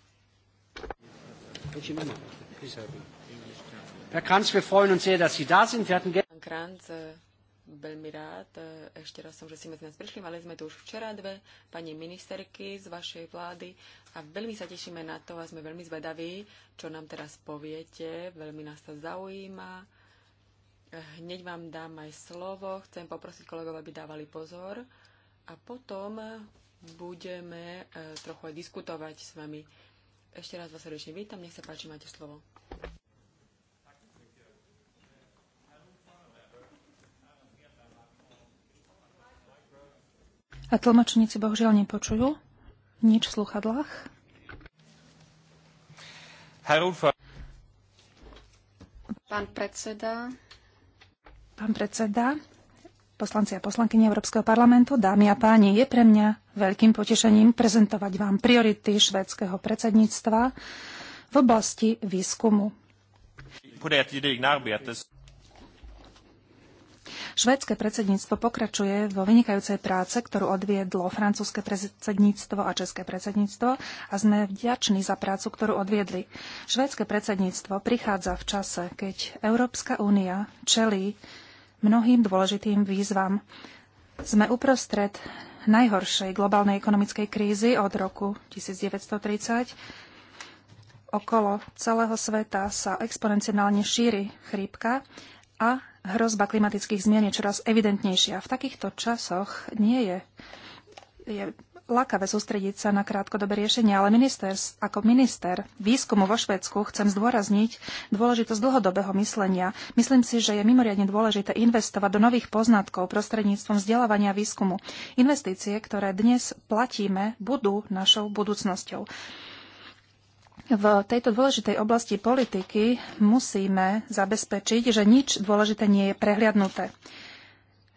Speaker 4: Herr Kranz, wir freuen uns sehr, dass Sie da sind. Wir hatten
Speaker 1: Grant, e, veľmi rád. E, ešte raz som, že si medzi nás prišli. Mali sme tu už včera dve pani ministerky z vašej vlády a veľmi sa tešíme na to a sme veľmi zvedaví, čo nám teraz poviete. Veľmi nás to zaujíma. E, hneď vám dám aj slovo. Chcem poprosiť kolegov, aby dávali pozor. A potom budeme trochu aj diskutovať s vami. Ešte raz vás srdečne vítam. Nech sa páči, máte slovo.
Speaker 2: A tlmočníci bohužiaľ nepočujú nič v sluchadlách. Pán predseda. Pán predseda, poslanci a poslankyne Európskeho parlamentu, dámy a páni, je pre mňa veľkým potešením prezentovať vám priority švédskeho predsedníctva v oblasti výskumu. Švédske predsedníctvo pokračuje vo vynikajúcej práce, ktorú odviedlo francúzske predsedníctvo a české predsedníctvo a sme vďační za prácu, ktorú odviedli. Švédske predsedníctvo prichádza v čase, keď Európska únia čelí mnohým dôležitým výzvam. Sme uprostred najhoršej globálnej ekonomickej krízy od roku 1930. Okolo celého sveta sa exponenciálne šíri chrípka a hrozba klimatických zmien je čoraz evidentnejšia. V takýchto časoch nie je, je lakavé sústrediť sa na krátkodobé riešenie, ale minister, ako minister výskumu vo Švedsku chcem zdôrazniť dôležitosť dlhodobého myslenia. Myslím si, že je mimoriadne dôležité investovať do nových poznatkov prostredníctvom vzdelávania výskumu. Investície, ktoré dnes platíme, budú našou budúcnosťou. V tejto dôležitej oblasti politiky musíme zabezpečiť, že nič dôležité nie je prehliadnuté.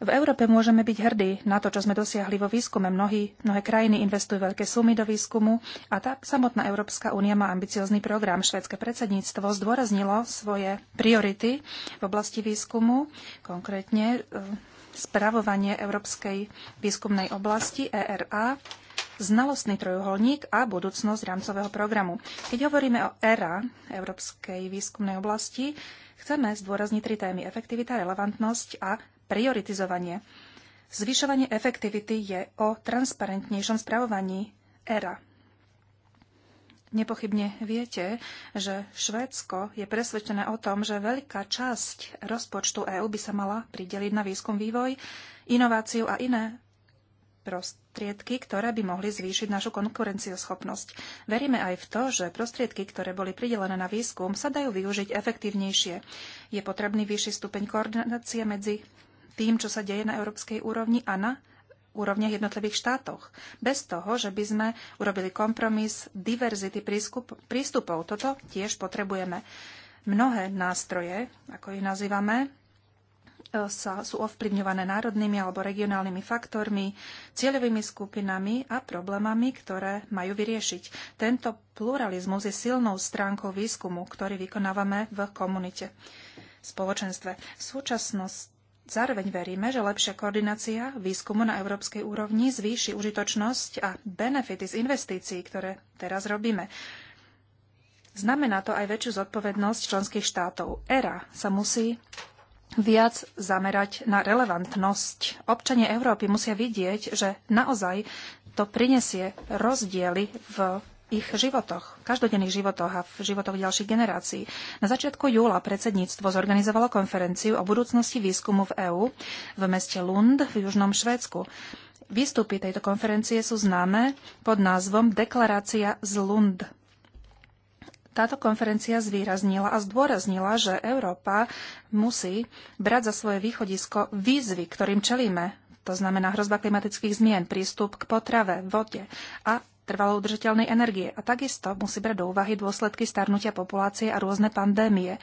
Speaker 2: V Európe môžeme byť hrdí na to, čo sme dosiahli vo výskume. Mnohí, mnohé krajiny investujú veľké sumy do výskumu a tá samotná Európska únia má ambiciózny program. Švédske predsedníctvo zdôraznilo svoje priority v oblasti výskumu, konkrétne e, spravovanie Európskej výskumnej oblasti ERA, znalostný trojuholník a budúcnosť rámcového programu. Keď hovoríme o ERA, Európskej výskumnej oblasti, chceme zdôrazniť tri témy. Efektivita, relevantnosť a prioritizovanie. Zvyšovanie efektivity je o transparentnejšom spravovaní ERA. Nepochybne viete, že Švédsko je presvedčené o tom, že veľká časť rozpočtu EÚ by sa mala prideliť na výskum, vývoj, inováciu a iné prostriedky, ktoré by mohli zvýšiť našu konkurencioschopnosť. Veríme aj v to, že prostriedky, ktoré boli pridelené na výskum, sa dajú využiť efektívnejšie. Je potrebný vyšší stupeň koordinácie medzi tým, čo sa deje na európskej úrovni a na úrovniach jednotlivých štátoch. Bez toho, že by sme urobili kompromis diverzity prístupov. Toto tiež potrebujeme. Mnohé nástroje, ako ich nazývame, sa, sú ovplyvňované národnými alebo regionálnymi faktormi, cieľovými skupinami a problémami, ktoré majú vyriešiť. Tento pluralizmus je silnou stránkou výskumu, ktorý vykonávame v komunite, v spoločenstve. V súčasnosti Zároveň veríme, že lepšia koordinácia výskumu na európskej úrovni zvýši užitočnosť a benefity z investícií, ktoré teraz robíme. Znamená to aj väčšiu zodpovednosť členských štátov. ERA sa musí viac zamerať na relevantnosť. Občania Európy musia vidieť, že naozaj to prinesie rozdiely v ich životoch, každodenných životoch a v životoch ďalších generácií. Na začiatku júla predsedníctvo zorganizovalo konferenciu o budúcnosti výskumu v EÚ v meste Lund v južnom Švédsku. Výstupy tejto konferencie sú známe pod názvom Deklarácia z Lund. Táto konferencia zvýraznila a zdôraznila, že Európa musí brať za svoje východisko výzvy, ktorým čelíme. To znamená hrozba klimatických zmien, prístup k potrave, vode a trvalo udržiteľnej energie. A takisto musí brať do úvahy dôsledky starnutia populácie a rôzne pandémie.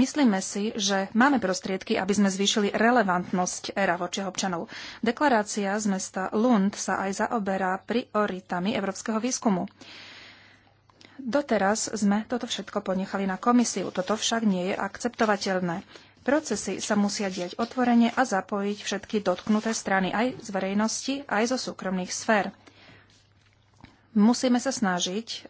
Speaker 2: Myslíme si, že máme prostriedky, aby sme zvýšili relevantnosť ERA voči občanov. Deklarácia z mesta Lund sa aj zaoberá prioritami európskeho výskumu. Doteraz sme toto všetko ponechali na komisiu. Toto však nie je akceptovateľné. Procesy sa musia diať otvorene a zapojiť všetky dotknuté strany aj z verejnosti, aj zo súkromných sfér. Musíme sa snažiť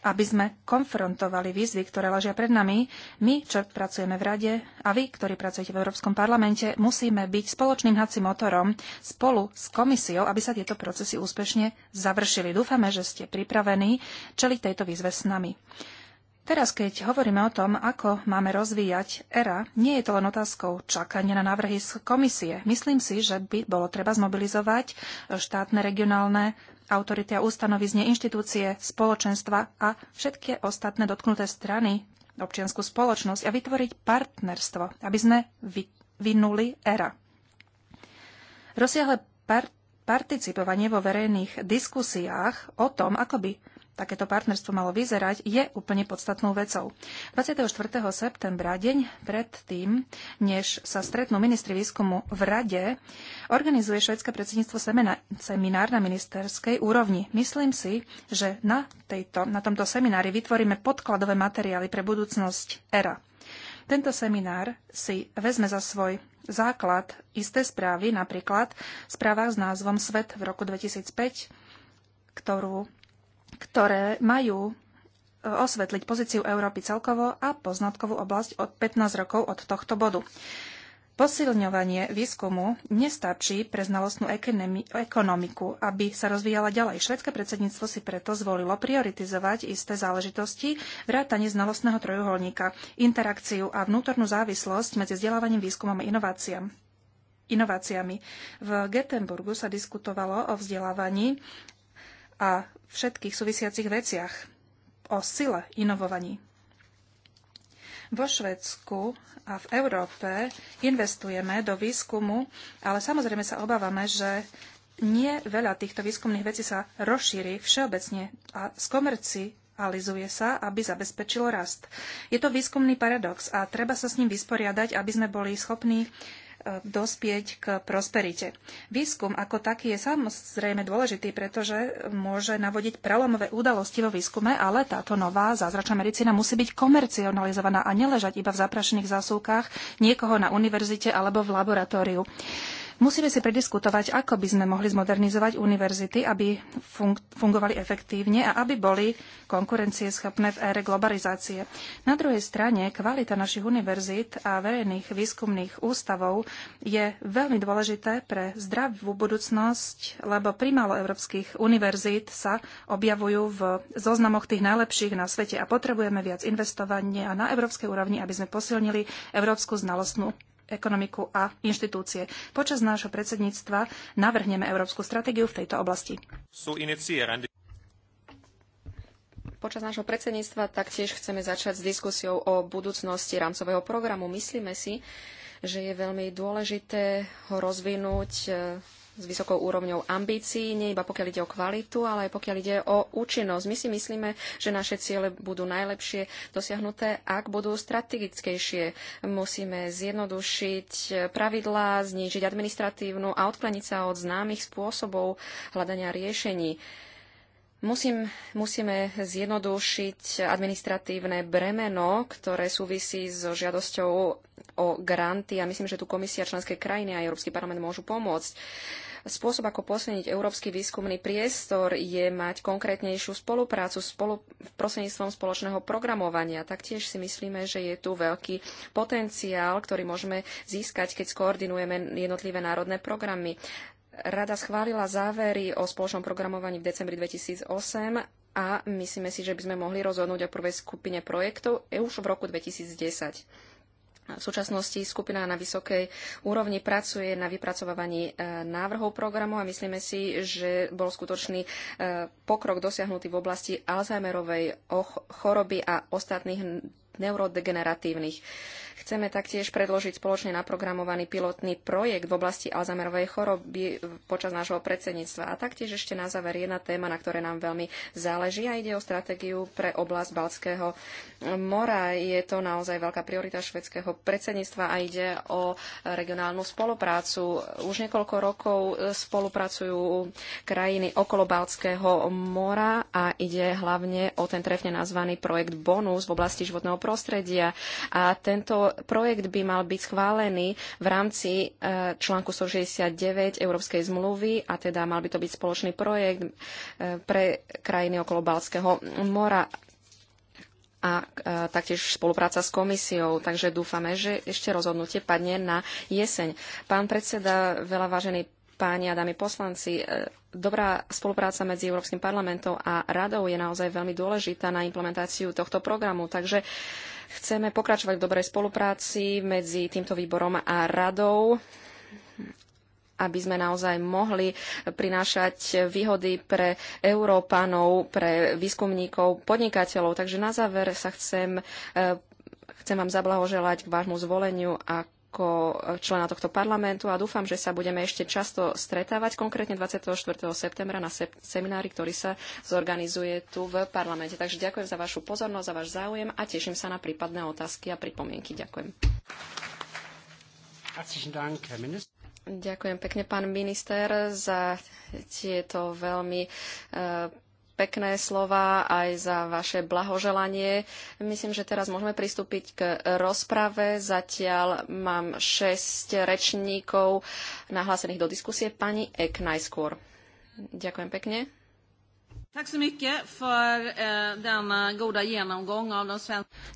Speaker 2: aby sme konfrontovali výzvy, ktoré ležia pred nami. My, čo pracujeme v Rade a vy, ktorí pracujete v Európskom parlamente, musíme byť spoločným hacím motorom spolu s komisiou, aby sa tieto procesy úspešne završili. Dúfame, že ste pripravení čeliť tejto výzve s nami. Teraz, keď hovoríme o tom, ako máme rozvíjať ERA, nie je to len otázkou čakania na návrhy z komisie. Myslím si, že by bolo treba zmobilizovať štátne, regionálne autority a ustanovy znie inštitúcie, spoločenstva a všetky ostatné dotknuté strany, občianskú spoločnosť a vytvoriť partnerstvo, aby sme vynuli era. Rozsiahle par- participovanie vo verejných diskusiách o tom, ako by takéto partnerstvo malo vyzerať, je úplne podstatnou vecou. 24. septembra, deň pred tým, než sa stretnú ministri výskumu v Rade, organizuje švedské predsedníctvo seminár na ministerskej úrovni. Myslím si, že na, tejto, na tomto seminári vytvoríme podkladové materiály pre budúcnosť ERA. Tento seminár si vezme za svoj základ isté správy, napríklad správa s názvom Svet v roku 2005, ktorú ktoré majú e, osvetliť pozíciu Európy celkovo a poznatkovú oblasť od 15 rokov od tohto bodu. Posilňovanie výskumu nestačí pre znalostnú ekonomiku, aby sa rozvíjala ďalej. Švedské predsedníctvo si preto zvolilo prioritizovať isté záležitosti vrátanie znalostného trojuholníka, interakciu a vnútornú závislosť medzi vzdelávaním, výskumom a inováciami. inováciami. V Göteborgu sa diskutovalo o vzdelávaní a všetkých súvisiacich veciach, o sile inovovaní. Vo Švedsku a v Európe investujeme do výskumu, ale samozrejme sa obávame, že nie veľa týchto výskumných vecí sa rozšíri všeobecne a skomercializuje sa, aby zabezpečilo rast. Je to výskumný paradox a treba sa s ním vysporiadať, aby sme boli schopní dospieť k prosperite. Výskum ako taký je samozrejme dôležitý, pretože môže navodiť prelomové udalosti vo výskume, ale táto nová zázračná medicína musí byť komercionalizovaná a neležať iba v zaprašených zásuvkách niekoho na univerzite alebo v laboratóriu. Musíme si prediskutovať, ako by sme mohli zmodernizovať univerzity, aby fun fungovali efektívne a aby boli konkurencieschopné v ére globalizácie. Na druhej strane, kvalita našich univerzít a verejných výskumných ústavov je veľmi dôležité pre zdravú budúcnosť, lebo primalo európskych univerzít sa objavujú v zoznamoch tých najlepších na svete a potrebujeme viac investovania na európskej úrovni, aby sme posilnili európsku znalostnú ekonomiku a inštitúcie. Počas nášho predsedníctva navrhneme európsku stratégiu v tejto oblasti. Počas nášho predsedníctva taktiež chceme začať s diskusiou
Speaker 3: o budúcnosti rámcového programu. Myslíme si, že je veľmi dôležité ho rozvinúť e, s vysokou úrovňou ambícií, nie iba pokiaľ ide o kvalitu, ale aj pokiaľ ide o účinnosť. My si myslíme, že naše ciele budú najlepšie dosiahnuté, ak budú strategickejšie. Musíme zjednodušiť pravidlá, znížiť administratívnu a odkleniť sa od známych spôsobov hľadania riešení. Musím, musíme zjednodušiť administratívne bremeno, ktoré súvisí so žiadosťou o granty a myslím, že tu komisia, členské krajiny a Európsky parlament môžu pomôcť. Spôsob, ako posilniť európsky výskumný priestor, je mať konkrétnejšiu spoluprácu spolu, prostredníctvom spoločného programovania. Taktiež si myslíme, že je tu veľký potenciál, ktorý môžeme získať, keď skoordinujeme jednotlivé národné programy. Rada schválila závery o spoločnom programovaní v decembri 2008 a myslíme si, že by sme mohli rozhodnúť o prvej skupine projektov už v roku 2010 v súčasnosti skupina na vysokej úrovni pracuje na vypracovávaní e, návrhov programu a myslíme si, že bol skutočný e, pokrok dosiahnutý v oblasti Alzheimerovej choroby a ostatných neurodegeneratívnych Chceme taktiež predložiť spoločne naprogramovaný pilotný projekt v oblasti Alzheimerovej choroby počas nášho predsedníctva. A taktiež ešte na záver jedna téma, na ktoré nám veľmi záleží a ide o stratégiu pre oblasť Balckého mora. Je to naozaj veľká priorita švedského predsedníctva a ide o regionálnu spoluprácu. Už niekoľko rokov spolupracujú krajiny okolo Balckého mora a ide hlavne o ten trefne nazvaný projekt Bonus v oblasti životného prostredia. A tento projekt by mal byť schválený v rámci e, článku 169 Európskej zmluvy a teda mal by to byť spoločný projekt e, pre krajiny okolo Balského mora a e, taktiež spolupráca s komisiou, takže dúfame, že ešte rozhodnutie padne na jeseň. Pán predseda, veľa vážený páni a dámy poslanci, e, dobrá spolupráca medzi Európskym parlamentom a radou je naozaj veľmi dôležitá na implementáciu tohto programu. Takže chceme pokračovať v dobrej spolupráci medzi týmto výborom a radou aby sme naozaj mohli prinášať výhody pre Európanov, pre výskumníkov, podnikateľov. Takže na záver sa chcem, e, chcem vám zablahoželať k vášmu zvoleniu a ako člena tohto parlamentu a dúfam, že sa budeme ešte často stretávať, konkrétne 24. septembra na seminári, ktorý sa zorganizuje tu v parlamente. Takže ďakujem za vašu pozornosť, za váš záujem a teším sa na prípadné otázky a pripomienky. Ďakujem. Ďakujem pekne, pán minister, za tieto veľmi eh, pekné slova, aj za vaše blahoželanie. Myslím, že teraz môžeme pristúpiť k rozprave. Zatiaľ mám šesť rečníkov nahlásených do diskusie. Pani Ek najskôr. Ďakujem pekne. Eh, eh,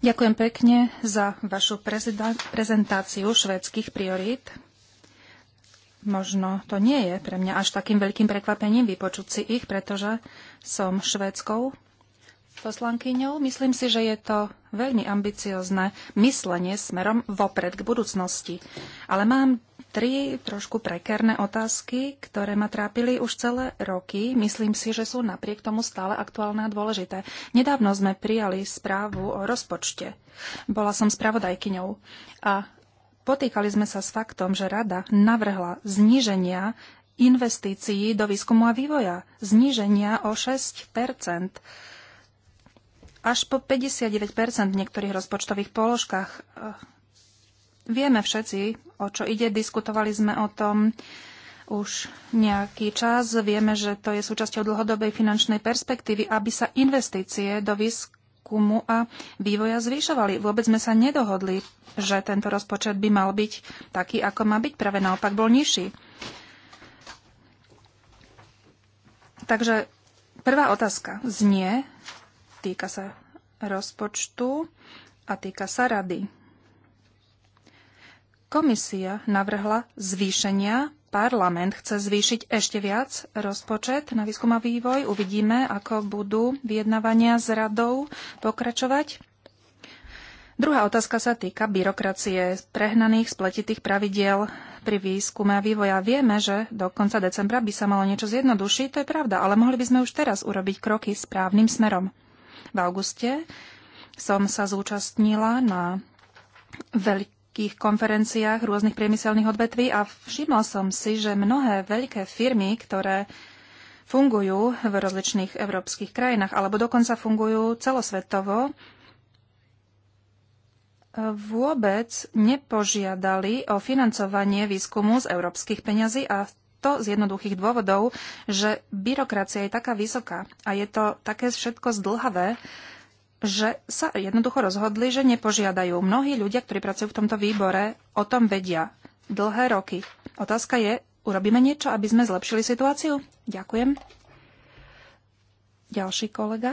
Speaker 2: Ďakujem pekne za vašu prezentáciu švedských priorít. Možno to nie je pre mňa až takým veľkým prekvapením vypočuť si ich, pretože som švédskou poslankyňou. Myslím si, že je to veľmi ambiciozne myslenie smerom vopred k budúcnosti. Ale mám tri trošku prekerné otázky, ktoré ma trápili už celé roky. Myslím si, že sú napriek tomu stále aktuálne a dôležité. Nedávno sme prijali správu o rozpočte. Bola som spravodajkyňou a Potýkali sme sa s faktom, že rada navrhla zníženia investícií do výskumu a vývoja. Zníženia o 6 až po 59 v niektorých rozpočtových položkách. Vieme všetci, o čo ide. Diskutovali sme o tom už nejaký čas. Vieme, že to je súčasťou dlhodobej finančnej perspektívy, aby sa investície do výskumu výskumu a vývoja zvyšovali. Vôbec sme sa nedohodli, že tento rozpočet by mal byť taký, ako má byť. Práve naopak bol nižší. Takže prvá otázka znie, týka sa rozpočtu a týka sa rady. Komisia navrhla zvýšenia parlament chce zvýšiť ešte viac rozpočet na výskum a vývoj. Uvidíme, ako budú vyjednávania s radou pokračovať. Druhá otázka sa týka byrokracie, prehnaných, spletitých pravidiel pri výskume a vývoja. Vieme, že do konca decembra by sa malo niečo zjednodušiť, to je pravda, ale mohli by sme už teraz urobiť kroky správnym smerom. V auguste som sa zúčastnila na veľk- všetkých konferenciách rôznych priemyselných odvetví a všimol som si, že mnohé veľké firmy, ktoré fungujú v rozličných európskych krajinách alebo dokonca fungujú celosvetovo, vôbec nepožiadali o financovanie výskumu z európskych peňazí a to z jednoduchých dôvodov, že byrokracia je taká vysoká a je to také všetko zdlhavé, že sa jednoducho rozhodli, že nepožiadajú. Mnohí ľudia, ktorí pracujú v tomto výbore, o tom vedia dlhé roky. Otázka je, urobíme niečo, aby sme zlepšili situáciu? Ďakujem. Ďalší kolega.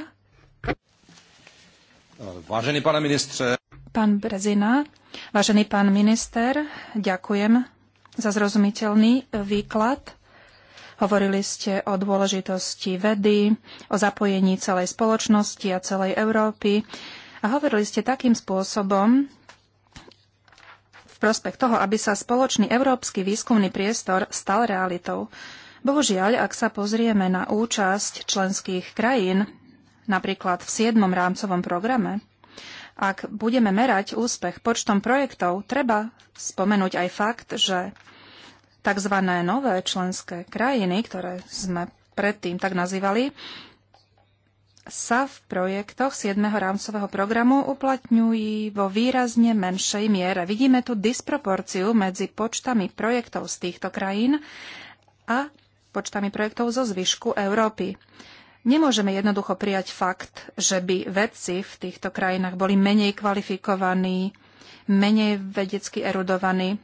Speaker 2: Vážený pán ministře. Pán Brezina, vážený pán minister, ďakujem za zrozumiteľný výklad. Hovorili ste o dôležitosti vedy, o zapojení celej spoločnosti a celej Európy. A hovorili ste takým spôsobom, v prospech toho, aby sa spoločný európsky výskumný priestor stal realitou. Bohužiaľ, ak sa pozrieme na účasť členských krajín, napríklad v 7. rámcovom programe, ak budeme merať úspech počtom projektov, treba spomenúť aj fakt, že tzv. nové členské krajiny, ktoré sme predtým tak nazývali, sa v projektoch 7. rámcového programu uplatňujú vo výrazne menšej miere. Vidíme tu disproporciu medzi počtami projektov z týchto krajín a počtami projektov zo zvyšku Európy. Nemôžeme jednoducho prijať fakt, že by vedci v týchto krajinách boli menej kvalifikovaní, menej vedecky erudovaní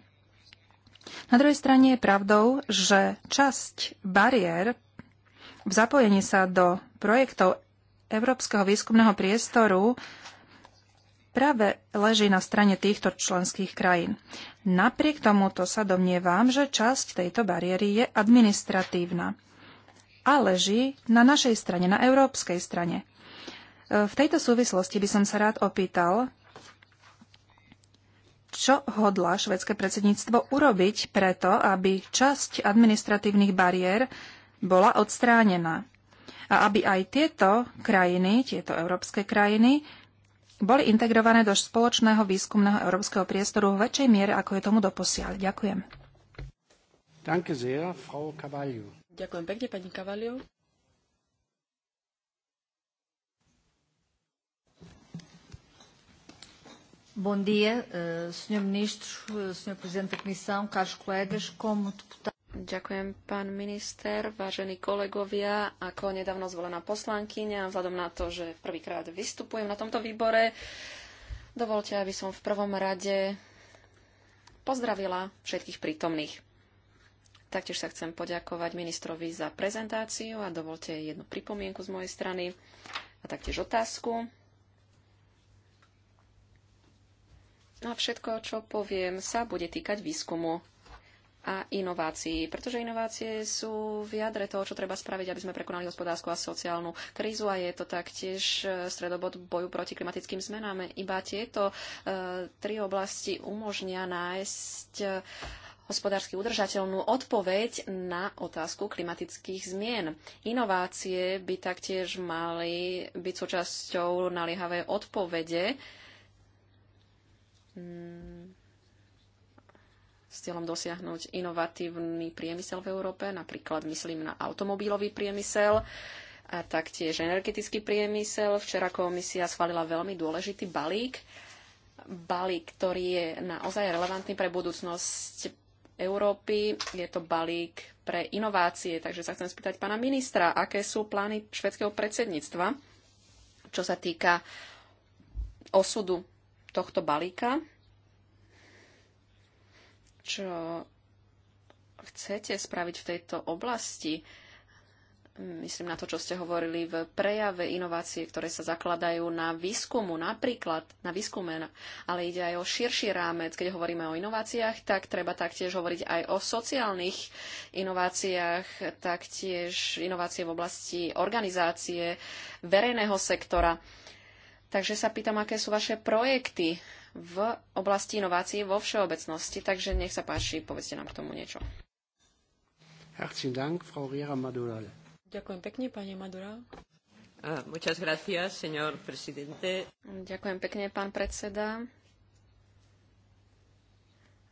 Speaker 2: na druhej strane je pravdou, že časť bariér v zapojení sa do projektov Európskeho výskumného priestoru práve leží na strane týchto členských krajín. Napriek tomuto sa domnievam, že časť tejto bariéry je administratívna a leží na našej strane, na európskej strane. E, v tejto súvislosti by som sa rád opýtal, čo hodla švedské predsedníctvo urobiť preto, aby časť administratívnych bariér bola odstránená a aby aj tieto krajiny, tieto európske krajiny, boli integrované do spoločného výskumného európskeho priestoru v väčšej miere, ako je tomu doposiaľ. Ďakujem.
Speaker 4: Danke sehr, Frau
Speaker 1: Ďakujem pekne, pani Kavaliu.
Speaker 2: Bom dia, eh, Sr. Ministro, eh, Sr. Presidente da Comissão, caros colegas, como deputado.
Speaker 3: Ďakujem, pán minister, vážení kolegovia, ako nedávno zvolená poslankyňa, vzhľadom na to, že prvýkrát vystupujem na tomto výbore, dovolte, aby som v prvom rade pozdravila všetkých prítomných. Taktiež sa chcem poďakovať ministrovi za prezentáciu a dovolte jednu pripomienku z mojej strany a taktiež otázku. A všetko, čo poviem, sa bude týkať výskumu a inovácií, pretože inovácie sú v jadre toho, čo treba spraviť, aby sme prekonali hospodárskú a sociálnu krízu a je to taktiež e, stredobod boju proti klimatickým zmenám. Iba tieto e, tri oblasti umožnia nájsť e, hospodársky udržateľnú odpoveď na otázku klimatických zmien. Inovácie by taktiež mali byť súčasťou naliehavej odpovede Mm. s cieľom dosiahnuť inovatívny priemysel v Európe, napríklad myslím na automobilový priemysel a taktiež energetický priemysel. Včera komisia schválila veľmi dôležitý balík, balík, ktorý je naozaj relevantný pre budúcnosť Európy. Je to balík pre inovácie, takže sa chcem spýtať pána ministra, aké sú plány švedského predsedníctva, čo sa týka osudu tohto balíka, čo chcete spraviť v tejto oblasti, myslím na to, čo ste hovorili v prejave inovácie, ktoré sa zakladajú na výskumu, napríklad na výskume, ale ide aj o širší rámec. Keď hovoríme o inováciách, tak treba taktiež hovoriť aj o sociálnych inováciách, taktiež inovácie v oblasti organizácie verejného sektora. Takže sa pýtam, aké sú vaše projekty v oblasti inovácií vo všeobecnosti. Takže nech sa páči, povedzte nám k tomu niečo.
Speaker 1: Ďakujem pekne, pani Madura.
Speaker 4: Ah, gracias,
Speaker 1: Ďakujem pekne, pán predseda.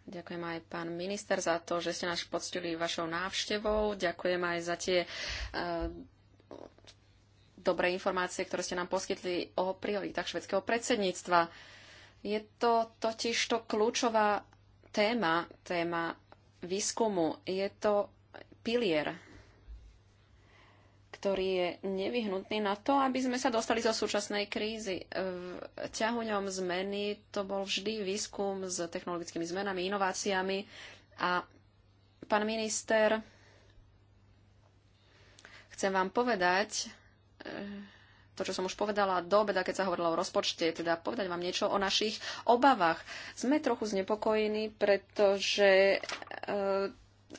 Speaker 3: Ďakujem aj pán minister za to, že ste nás poctili vašou návštevou. Ďakujem aj za tie uh, dobré informácie, ktoré ste nám poskytli o prioritách švedského predsedníctva. Je to totiž to kľúčová téma, téma výskumu. Je to pilier, ktorý je nevyhnutný na to, aby sme sa dostali zo súčasnej krízy. V ťahuňom zmeny to bol vždy výskum s technologickými zmenami, inováciami a pán minister, chcem vám povedať, to, čo som už povedala do obeda, keď sa hovorilo o rozpočte, teda povedať vám niečo o našich obavách. Sme trochu znepokojení, pretože e,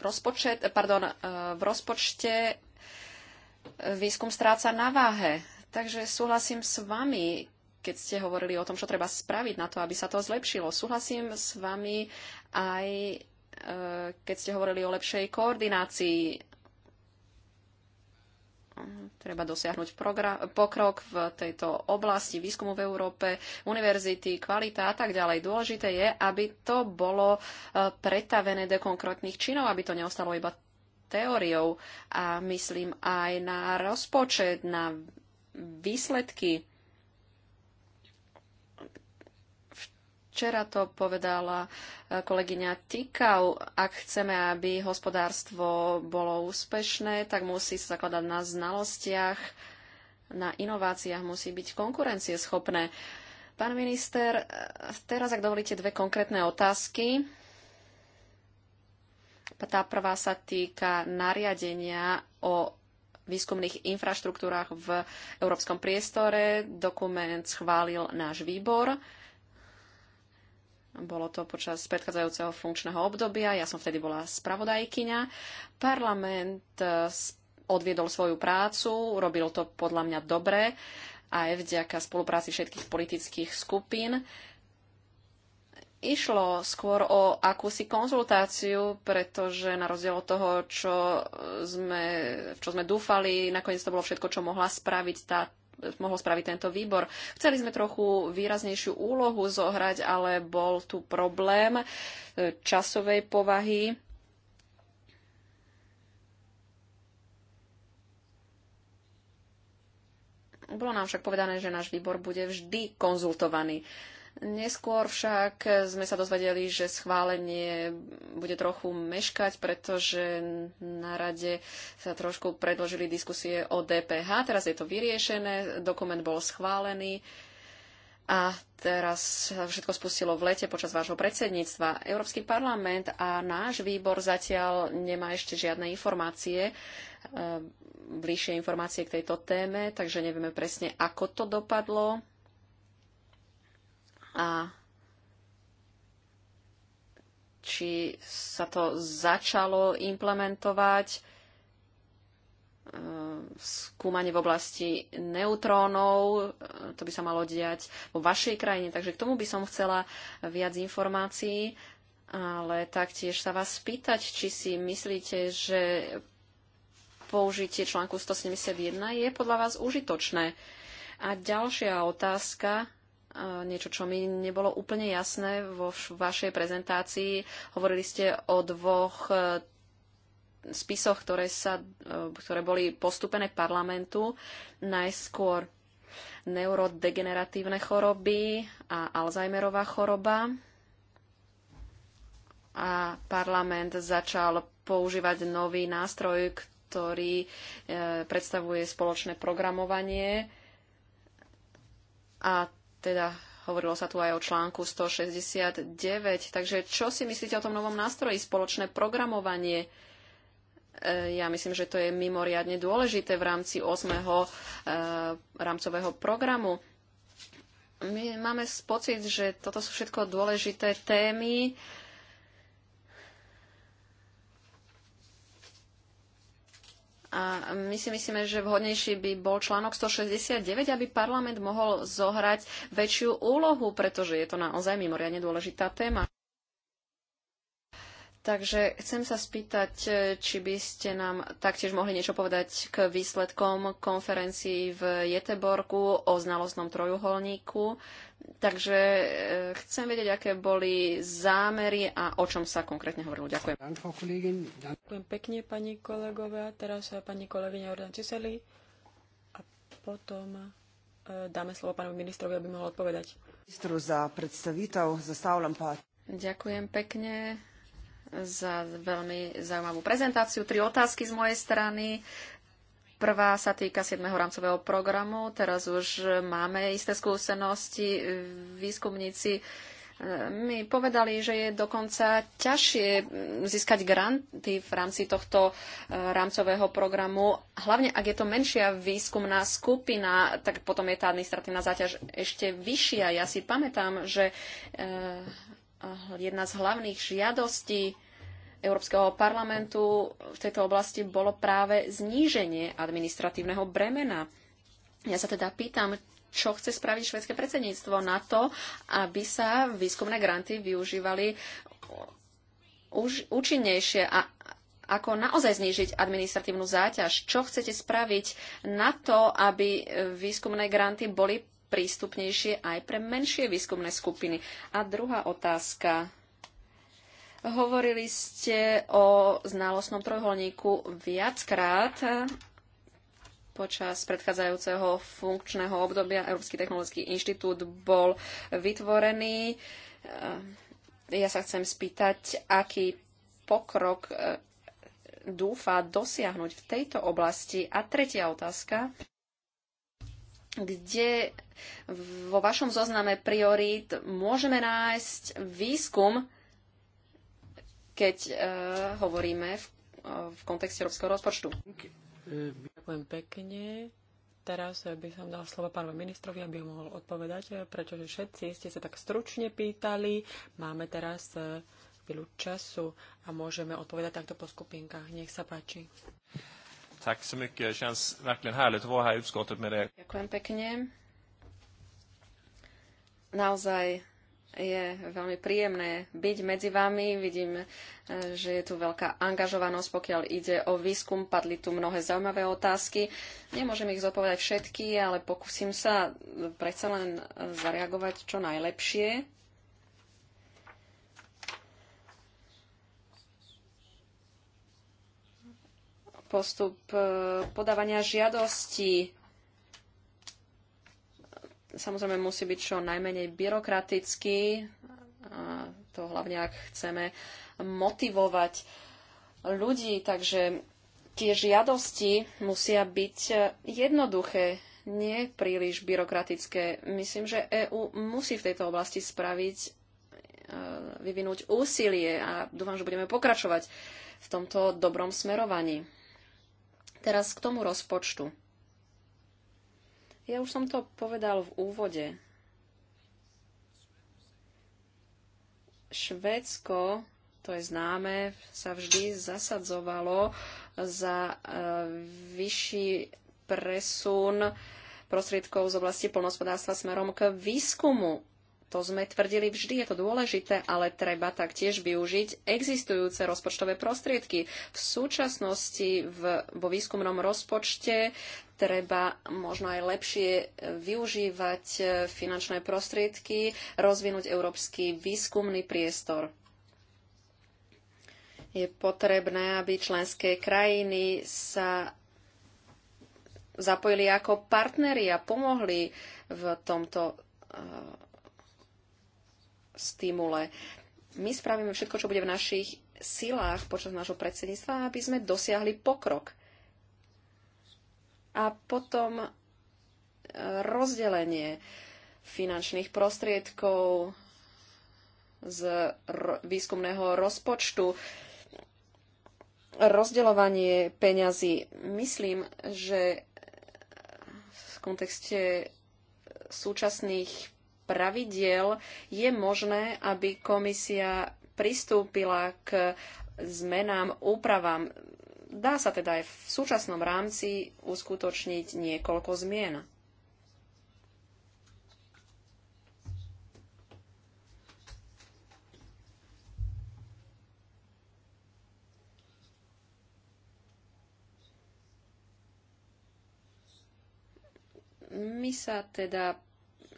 Speaker 3: rozpočet, pardon, e, v rozpočte e, výskum stráca na váhe. Takže súhlasím s vami, keď ste hovorili o tom, čo treba spraviť na to, aby sa to zlepšilo. Súhlasím s vami aj keď ste hovorili o lepšej koordinácii treba dosiahnuť pokrok v tejto oblasti výskumu v Európe, univerzity, kvalita a tak ďalej. Dôležité je, aby to bolo e, pretavené do konkrétnych činov, aby to neostalo iba teóriou a myslím aj na rozpočet, na výsledky Včera to povedala eh, kolegyňa Tikau. Ak chceme, aby hospodárstvo bolo úspešné, tak musí sa zakladať na znalostiach, na inováciách, musí byť konkurencieschopné. Pán minister, eh, teraz, ak dovolíte, dve konkrétne otázky. Tá prvá sa týka nariadenia o výskumných infraštruktúrach v európskom priestore. Dokument schválil náš výbor. Bolo to počas predchádzajúceho funkčného obdobia. Ja som vtedy bola spravodajkyňa. Parlament e, odviedol svoju prácu, robil to podľa mňa dobre aj vďaka spolupráci všetkých politických skupín. Išlo skôr o akúsi konzultáciu, pretože na rozdiel od toho, čo sme, čo sme dúfali, nakoniec to bolo všetko, čo mohla spraviť tá mohol spraviť tento výbor. Chceli sme trochu výraznejšiu úlohu zohrať, ale bol tu problém e, časovej povahy. Bolo nám však povedané, že náš výbor bude vždy konzultovaný. Neskôr však sme sa dozvedeli, že schválenie bude trochu meškať, pretože na rade sa trošku predložili diskusie o DPH. Teraz je to vyriešené, dokument bol schválený a teraz sa všetko spustilo v lete počas vášho predsedníctva. Európsky parlament a náš výbor zatiaľ nemá ešte žiadne informácie, e, bližšie informácie k tejto téme, takže nevieme presne, ako to dopadlo a či sa to začalo implementovať, e, skúmanie v oblasti neutrónov, e, to by sa malo diať vo vašej krajine, takže k tomu by som chcela viac informácií, ale taktiež sa vás spýtať, či si myslíte, že použitie článku 171 je podľa vás užitočné. A ďalšia otázka, niečo, čo mi nebolo úplne jasné vo vašej prezentácii. Hovorili ste o dvoch e, spisoch, ktoré, sa, e, ktoré boli postupené parlamentu. Najskôr neurodegeneratívne choroby a Alzheimerová choroba. A parlament začal používať nový nástroj, ktorý e, predstavuje spoločné programovanie. A teda hovorilo sa tu aj o článku 169. Takže čo si myslíte o tom novom nástroji? Spoločné programovanie. E, ja myslím, že to je mimoriadne dôležité v rámci 8. E, rámcového programu. My máme pocit, že toto sú všetko dôležité témy, A my si myslíme, že vhodnejší by bol článok 169, aby parlament mohol zohrať väčšiu úlohu, pretože je to naozaj mimoriadne dôležitá téma. Takže chcem sa spýtať, e, či by ste nám taktiež mohli niečo povedať k výsledkom konferencií v Jeteborku o znalostnom trojuholníku. Takže e, chcem vedieť, aké boli zámery a o čom sa konkrétne hovorilo. Ďakujem.
Speaker 4: Ďakujem
Speaker 1: pekne, pani kolegovia. Teraz e, pani kolegyňa Ordan Česeli a potom dáme slovo pánu ministrovi, aby mohol odpovedať.
Speaker 2: Ministru za predstavitev, pa. Ďakujem
Speaker 3: pekne za veľmi zaujímavú prezentáciu. Tri otázky z mojej strany. Prvá sa týka 7. rámcového programu. Teraz už máme isté skúsenosti. Výskumníci e, mi povedali, že je dokonca ťažšie získať granty v rámci tohto e, rámcového programu. Hlavne, ak je to menšia výskumná skupina, tak potom je tá administratívna záťaž ešte vyššia. Ja si pamätám, že e, jedna z hlavných žiadostí Európskeho parlamentu v tejto oblasti bolo práve zníženie administratívneho bremena. Ja sa teda pýtam, čo chce spraviť švedské predsedníctvo na to, aby sa výskumné granty využívali už účinnejšie a ako naozaj znížiť administratívnu záťaž. Čo chcete spraviť na to, aby výskumné granty boli prístupnejšie aj pre menšie výskumné skupiny. A druhá otázka. Hovorili ste o znalostnom trojholníku viackrát počas predchádzajúceho funkčného obdobia Európsky technologický inštitút bol vytvorený. Ja sa chcem spýtať, aký pokrok e, dúfa dosiahnuť v tejto oblasti. A tretia otázka kde vo vašom zozname priorít môžeme nájsť výskum, keď uh, hovoríme v, uh, v kontexte európskeho rozpočtu.
Speaker 1: Ďakujem pekne. Teraz by som dal slovo pánu ministrovi, aby ho mohol odpovedať, pretože všetci ste sa tak stručne pýtali. Máme teraz e, chvíľu času a môžeme odpovedať takto po skupinkách. Nech sa páči.
Speaker 4: Tack så mycket. Känns verkligen härligt att vara här i utskottet med dig.
Speaker 3: Ďakujem pekne. Naozaj je veľmi príjemné byť medzi vami. Vidím, eh, že je tu veľká angažovanosť, pokiaľ ide o výskum. Padli tu mnohé zaujímavé otázky. Nemôžem ich zodpovedať všetky, ale pokúsim sa predsa len eh, zareagovať čo najlepšie. postup e, podávania žiadostí samozrejme musí byť čo najmenej byrokratický, a to hlavne ak chceme motivovať ľudí, takže tie žiadosti musia byť jednoduché, nie príliš byrokratické. Myslím, že EÚ musí v tejto oblasti spraviť, e, vyvinúť úsilie a dúfam, že budeme pokračovať v tomto dobrom smerovaní. Teraz k tomu rozpočtu. Ja už som to povedal v úvode. Švédsko, to je známe, sa vždy zasadzovalo za e, vyšší presun prostriedkov z oblasti polnospodárstva smerom k výskumu to sme tvrdili vždy, je to dôležité, ale treba taktiež využiť existujúce rozpočtové prostriedky. V súčasnosti v, vo výskumnom rozpočte treba možno aj lepšie e, využívať e, finančné prostriedky, rozvinúť európsky výskumný priestor. Je potrebné, aby členské krajiny sa zapojili ako partneri a pomohli v tomto e, stimule. My spravíme všetko, čo bude v našich silách počas nášho predsedníctva, aby sme dosiahli pokrok. A potom e, rozdelenie finančných prostriedkov z výskumného rozpočtu, rozdeľovanie peňazí. Myslím, že v kontexte súčasných pravidiel, je možné, aby komisia pristúpila k zmenám, úpravám. Dá sa teda aj v súčasnom rámci uskutočniť niekoľko zmien. my sa teda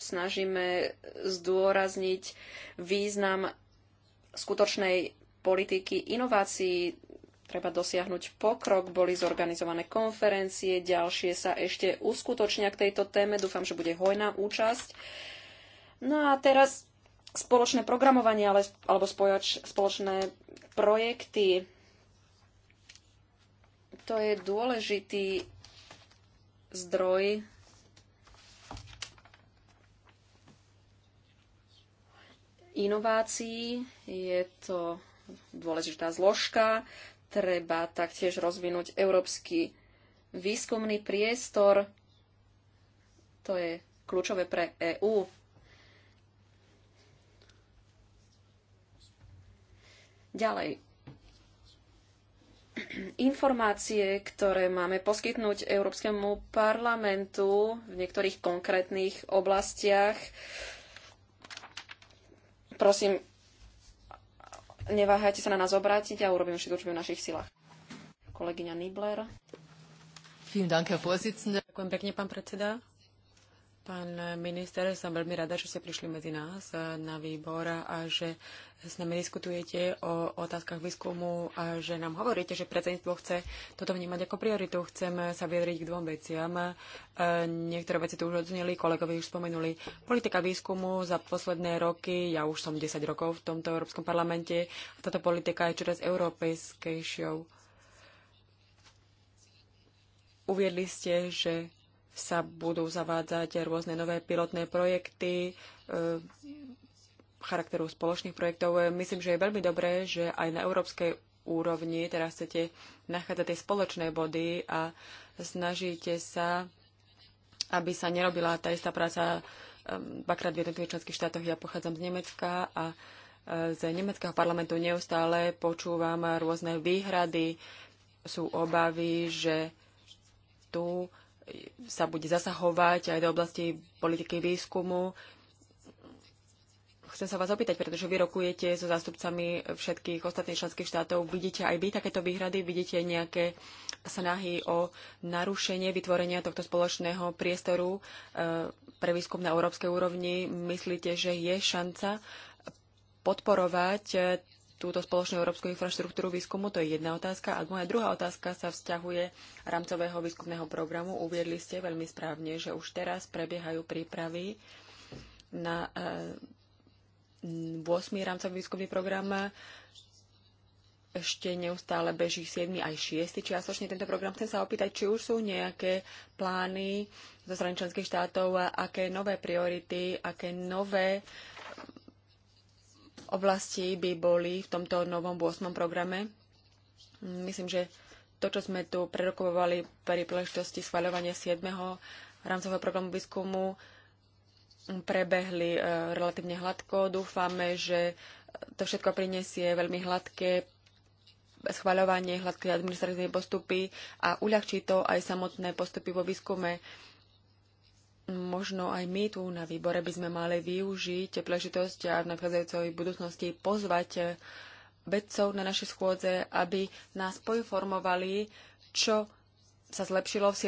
Speaker 3: snažíme zdôrazniť význam skutočnej politiky inovácií. Treba dosiahnuť pokrok, boli zorganizované konferencie, ďalšie sa ešte uskutočnia k tejto téme. Dúfam, že bude hojná účasť. No a teraz spoločné programovanie ale, alebo spojač, spoločné projekty. To je dôležitý zdroj inovácií. Je to dôležitá zložka. Treba taktiež rozvinúť európsky výskumný priestor. To je kľúčové pre EÚ. Ďalej. Informácie, ktoré máme poskytnúť Európskemu parlamentu v niektorých konkrétnych oblastiach, Prosím, neváhajte sa na nás obrátiť a urobíme všetko, čo v našich silách.
Speaker 1: Kolegyňa Nibler. Ďakujem pekne, pán predseda. Pán minister, som veľmi rada, že ste prišli medzi nás e, na výbor a že s nami diskutujete o otázkach výskumu a že nám hovoríte, že predsedníctvo chce toto vnímať ako prioritu. Chcem sa vyjadriť k dvom veciam. E, niektoré veci tu už odzneli, kolegovi už spomenuli. Politika výskumu za posledné roky, ja už som 10 rokov v tomto Európskom parlamente, a táto politika je čoraz európejskejšou. Uviedli ste, že sa budú zavádzať rôzne nové pilotné projekty e, charakteru spoločných projektov. Myslím, že je veľmi dobré, že aj na európskej úrovni teraz chcete nachádzať tie spoločné body a snažíte sa, aby sa nerobila tá istá práca e, dvakrát v jednotlivých členských štátoch. Ja pochádzam z Nemecka a e, z nemeckého parlamentu neustále počúvam rôzne výhrady, sú obavy, že tu sa bude zasahovať aj do oblasti politiky výskumu. Chcem sa vás opýtať, pretože vy rokujete so zástupcami všetkých ostatných členských štátov. Vidíte aj vy takéto výhrady? Vidíte nejaké snahy o narušenie vytvorenia tohto spoločného priestoru e, pre výskum na európskej úrovni? Myslíte, že je šanca podporovať túto spoločnú európsku infraštruktúru výskumu? To je jedna otázka. A moja druhá otázka sa vzťahuje rámcového výskumného programu. Uviedli ste veľmi správne, že už teraz prebiehajú prípravy na 8. E, rámcový výskumný program ešte neustále beží 7. aj 6. čiastočne tento program. Chcem sa opýtať, či už sú nejaké plány zo strany členských štátov, aké nové priority, aké nové oblasti by boli v tomto novom 8. programe. Myslím, že to, čo sme tu prerokovali pri príležitosti schváľovania 7. rámcového programu výskumu, prebehli e, relatívne hladko. Dúfame, že to všetko prinesie veľmi hladké schváľovanie, hladké administratívne postupy a uľahčí to aj samotné postupy vo výskume možno aj my tu na výbore by sme mali využiť príležitosť a v nadchádzajúcej budúcnosti pozvať eh, vedcov na naše schôdze, aby nás poinformovali, čo sa zlepšilo v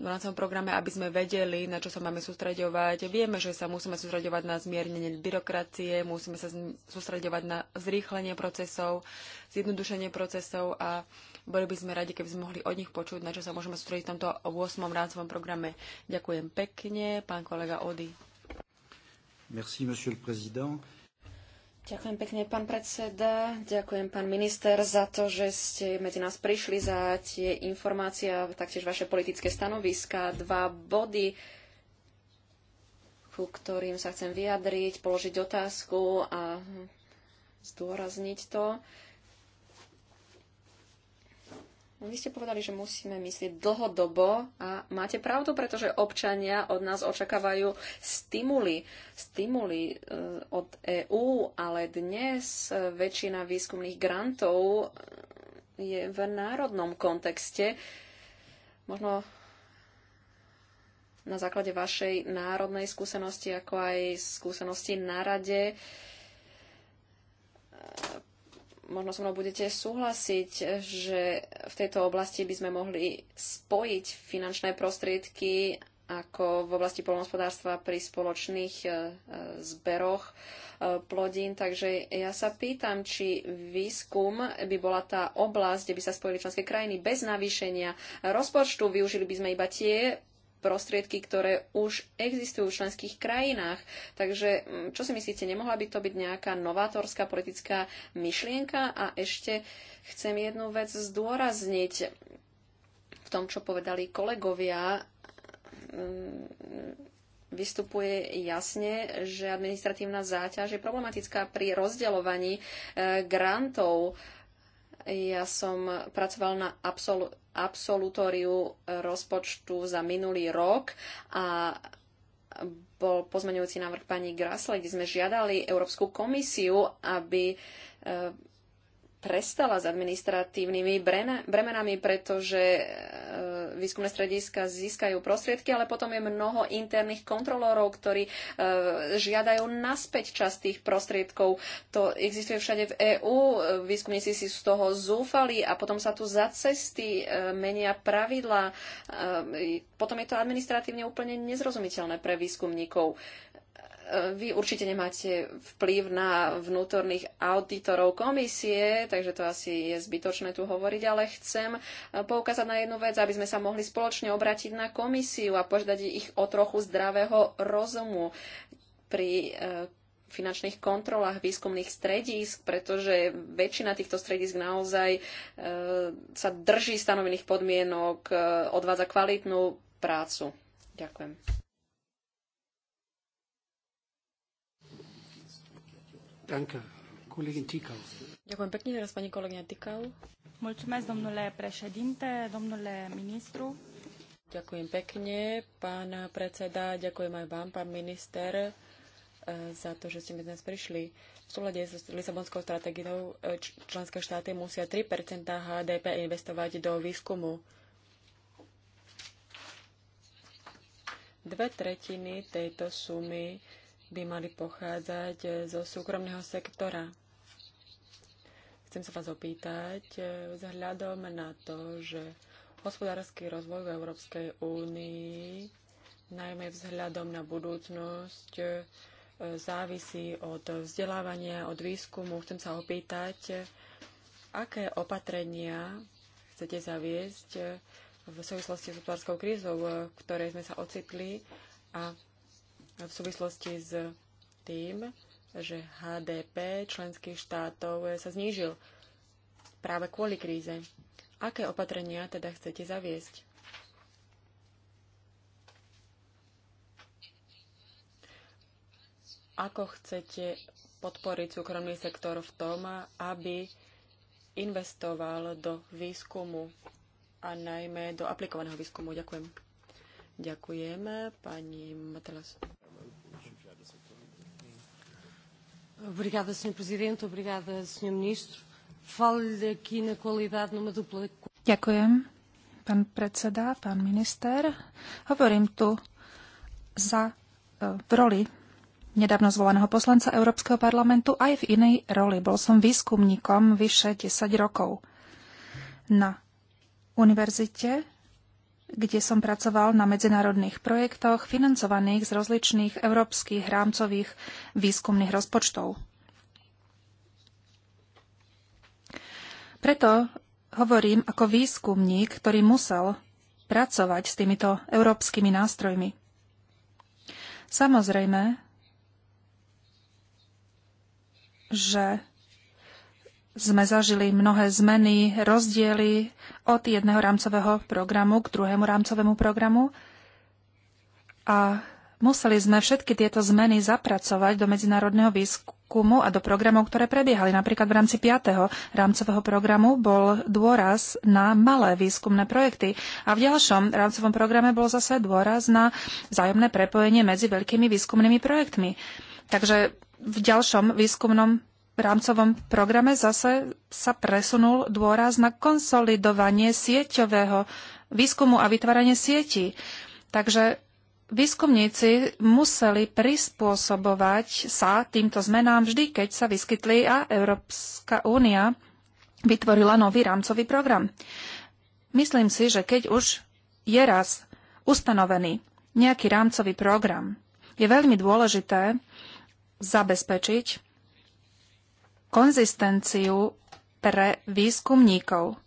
Speaker 1: 7. rámcom programe, aby sme vedeli, na čo sa máme sústreďovať. Vieme, že sa musíme sústredovať na zmiernenie byrokracie, musíme sa sústreďovať na zrýchlenie procesov, zjednodušenie procesov a boli by sme radi, keby sme mohli od nich počuť, na čo sa môžeme sústrediť v tomto 8. rámcovom programe. Ďakujem pekne, pán kolega Ody.
Speaker 4: Merci, monsieur le président.
Speaker 3: Ďakujem pekne, pán predseda. Ďakujem, pán minister, za to, že ste medzi nás prišli, za tie informácie a taktiež vaše politické stanoviska. Dva body, ku ktorým sa chcem vyjadriť, položiť otázku a zdôrazniť to. Vy ste povedali, že musíme myslieť dlhodobo a máte pravdu, pretože občania od nás očakávajú stimuly, stimuly e, od EÚ, ale dnes väčšina výskumných grantov e, je v národnom kontexte. Možno na základe vašej národnej skúsenosti, ako aj skúsenosti na rade, možno so mnou budete súhlasiť, že v tejto oblasti by sme mohli spojiť finančné prostriedky ako v oblasti polnohospodárstva pri spoločných e, e, zberoch e, plodín. Takže ja sa pýtam, či výskum by bola tá oblasť, kde by sa spojili členské krajiny bez navýšenia rozpočtu. Využili by sme iba tie prostriedky, ktoré už existujú v členských krajinách. Takže mm, čo si myslíte, nemohla by to byť nejaká novátorská politická myšlienka? A ešte chcem jednu vec zdôrazniť v tom, čo povedali kolegovia. Mm, vystupuje jasne, že administratívna záťaž je problematická pri rozdeľovaní eh, grantov. Ja som pracoval na absol- absolutóriu rozpočtu za minulý rok a bol pozmeňujúci návrh pani Grasle, kde sme žiadali Európsku komisiu, aby e, prestala s administratívnymi bremenami, pretože e, výskumné strediska získajú prostriedky, ale potom je mnoho interných kontrolórov, ktorí e, žiadajú naspäť časť tých prostriedkov. To existuje všade v EÚ, e, výskumníci si z toho zúfali a potom sa tu za cesty e, menia pravidlá. Potom je to administratívne úplne nezrozumiteľné pre výskumníkov vy určite nemáte vplyv na vnútorných auditorov komisie, takže to asi je zbytočné tu hovoriť, ale chcem e, poukázať na jednu vec, aby sme sa mohli spoločne obrátiť na komisiu a požiadať ich o trochu zdravého rozumu pri e, finančných kontrolách výskumných stredísk, pretože väčšina týchto stredísk naozaj e, sa drží stanovených podmienok, odvádza kvalitnú prácu. Ďakujem.
Speaker 4: Danke.
Speaker 1: Tikau. Ďakujem pekne, teraz pani kolegyňa Tikau. Mulțumesc, domnule președinte, domnule ministru. Ďakujem pekne, pán predseda, ďakujem aj vám, pán minister, eh, za to, že ste mi dnes prišli. V súhľade s Lisabonskou stratégiou eh, členské štáty musia 3 HDP investovať do výskumu. Dve tretiny tejto sumy by mali pochádzať eh, zo súkromného sektora. Chcem sa vás opýtať eh, vzhľadom na to, že hospodársky rozvoj v Európskej únii, najmä vzhľadom na budúcnosť, eh, závisí od vzdelávania, od výskumu. Chcem sa opýtať, aké opatrenia chcete zaviesť v súvislosti s hospodárskou krízou, v ktorej sme sa ocitli a v súvislosti s tým, že HDP členských štátov eh, sa znížil práve kvôli kríze. Aké opatrenia teda chcete zaviesť? Ako chcete podporiť súkromný sektor v tom, aby investoval do výskumu a najmä do aplikovaného výskumu? Ďakujem. Ďakujem, pani Matelas. Obrigada, Sr.
Speaker 3: Presidente. Obrigada, Sr. Ministro. Falo-lhe aqui na qualidade numa dupla...
Speaker 2: Ďakujem, pán predseda, pán minister. Hovorím tu za, e, v roli nedávno zvoleného poslanca Európskeho parlamentu aj v inej roli. Bol som výskumníkom vyše 10 rokov na univerzite kde som pracoval na medzinárodných projektoch financovaných z rozličných európskych rámcových výskumných rozpočtov. Preto hovorím ako výskumník, ktorý musel pracovať s týmito európskymi nástrojmi. Samozrejme, že sme zažili mnohé zmeny, rozdiely od jedného rámcového programu k druhému rámcovému programu a museli sme všetky tieto zmeny zapracovať do medzinárodného výskumu a do programov, ktoré prebiehali. Napríklad v rámci 5. rámcového programu bol dôraz na malé výskumné projekty a v ďalšom rámcovom programe bol zase dôraz na vzájomné prepojenie medzi veľkými výskumnými projektmi. Takže v ďalšom výskumnom v rámcovom programe zase sa presunul dôraz na konsolidovanie sieťového výskumu a vytváranie sietí. Takže výskumníci museli prispôsobovať sa týmto zmenám vždy, keď sa vyskytli a Európska únia vytvorila nový rámcový program. Myslím si, že keď už je raz ustanovený nejaký rámcový program, je veľmi dôležité zabezpečiť, konzistenciu pre výskumníkov.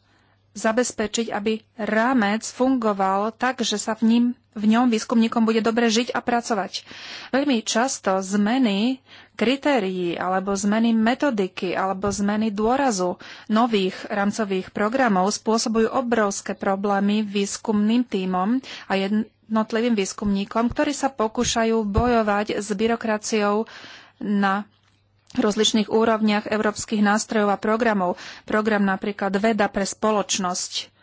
Speaker 2: Zabezpečiť, aby rámec fungoval tak, že sa v, ním, v ňom výskumníkom bude dobre žiť a pracovať. Veľmi často zmeny kritérií alebo zmeny metodiky alebo zmeny dôrazu nových rámcových programov spôsobujú obrovské problémy výskumným tímom a jednotlivým výskumníkom, ktorí sa pokúšajú bojovať s byrokraciou na rozličných úrovniach európskych nástrojov a programov. Program napríklad Veda pre spoločnosť.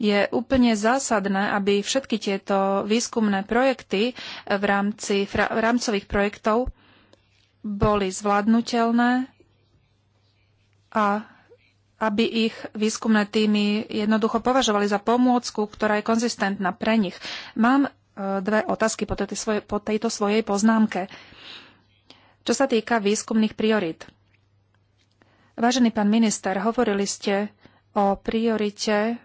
Speaker 2: Je úplne zásadné, aby všetky tieto výskumné projekty v rámci v rámcových projektov boli zvládnutelné a aby ich výskumné týmy jednoducho považovali za pomôcku, ktorá je konzistentná pre nich. Mám e, dve otázky po tejto svojej poznámke. Čo sa týka výskumných priorit. Vážený pán minister, hovorili ste o priorite,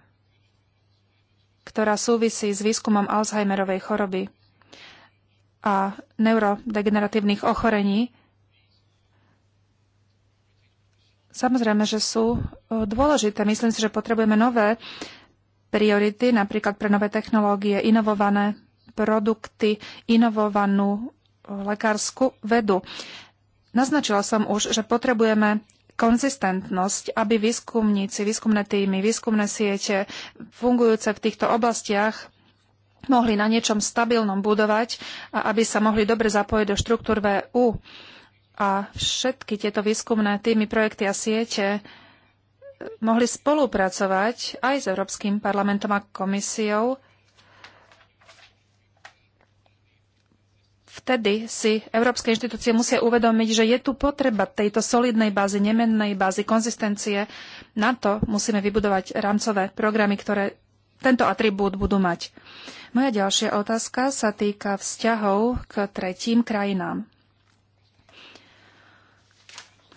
Speaker 2: ktorá súvisí s výskumom Alzheimerovej choroby a neurodegeneratívnych ochorení. Samozrejme, že sú dôležité. Myslím si, že potrebujeme nové priority, napríklad pre nové technológie, inovované produkty, inovovanú lekárskú vedu. Naznačila som už, že potrebujeme konzistentnosť, aby výskumníci, výskumné týmy, výskumné siete fungujúce v týchto oblastiach mohli na niečom stabilnom budovať a aby sa mohli dobre zapojiť do štruktúr VU. A všetky tieto výskumné týmy, projekty a siete mohli spolupracovať aj s Európskym parlamentom a komisiou vtedy si európske inštitúcie musia uvedomiť, že je tu potreba tejto solidnej bázy, nemennej bázy, konzistencie. Na to musíme vybudovať rámcové programy, ktoré tento atribút budú mať. Moja ďalšia otázka sa týka vzťahov k tretím krajinám.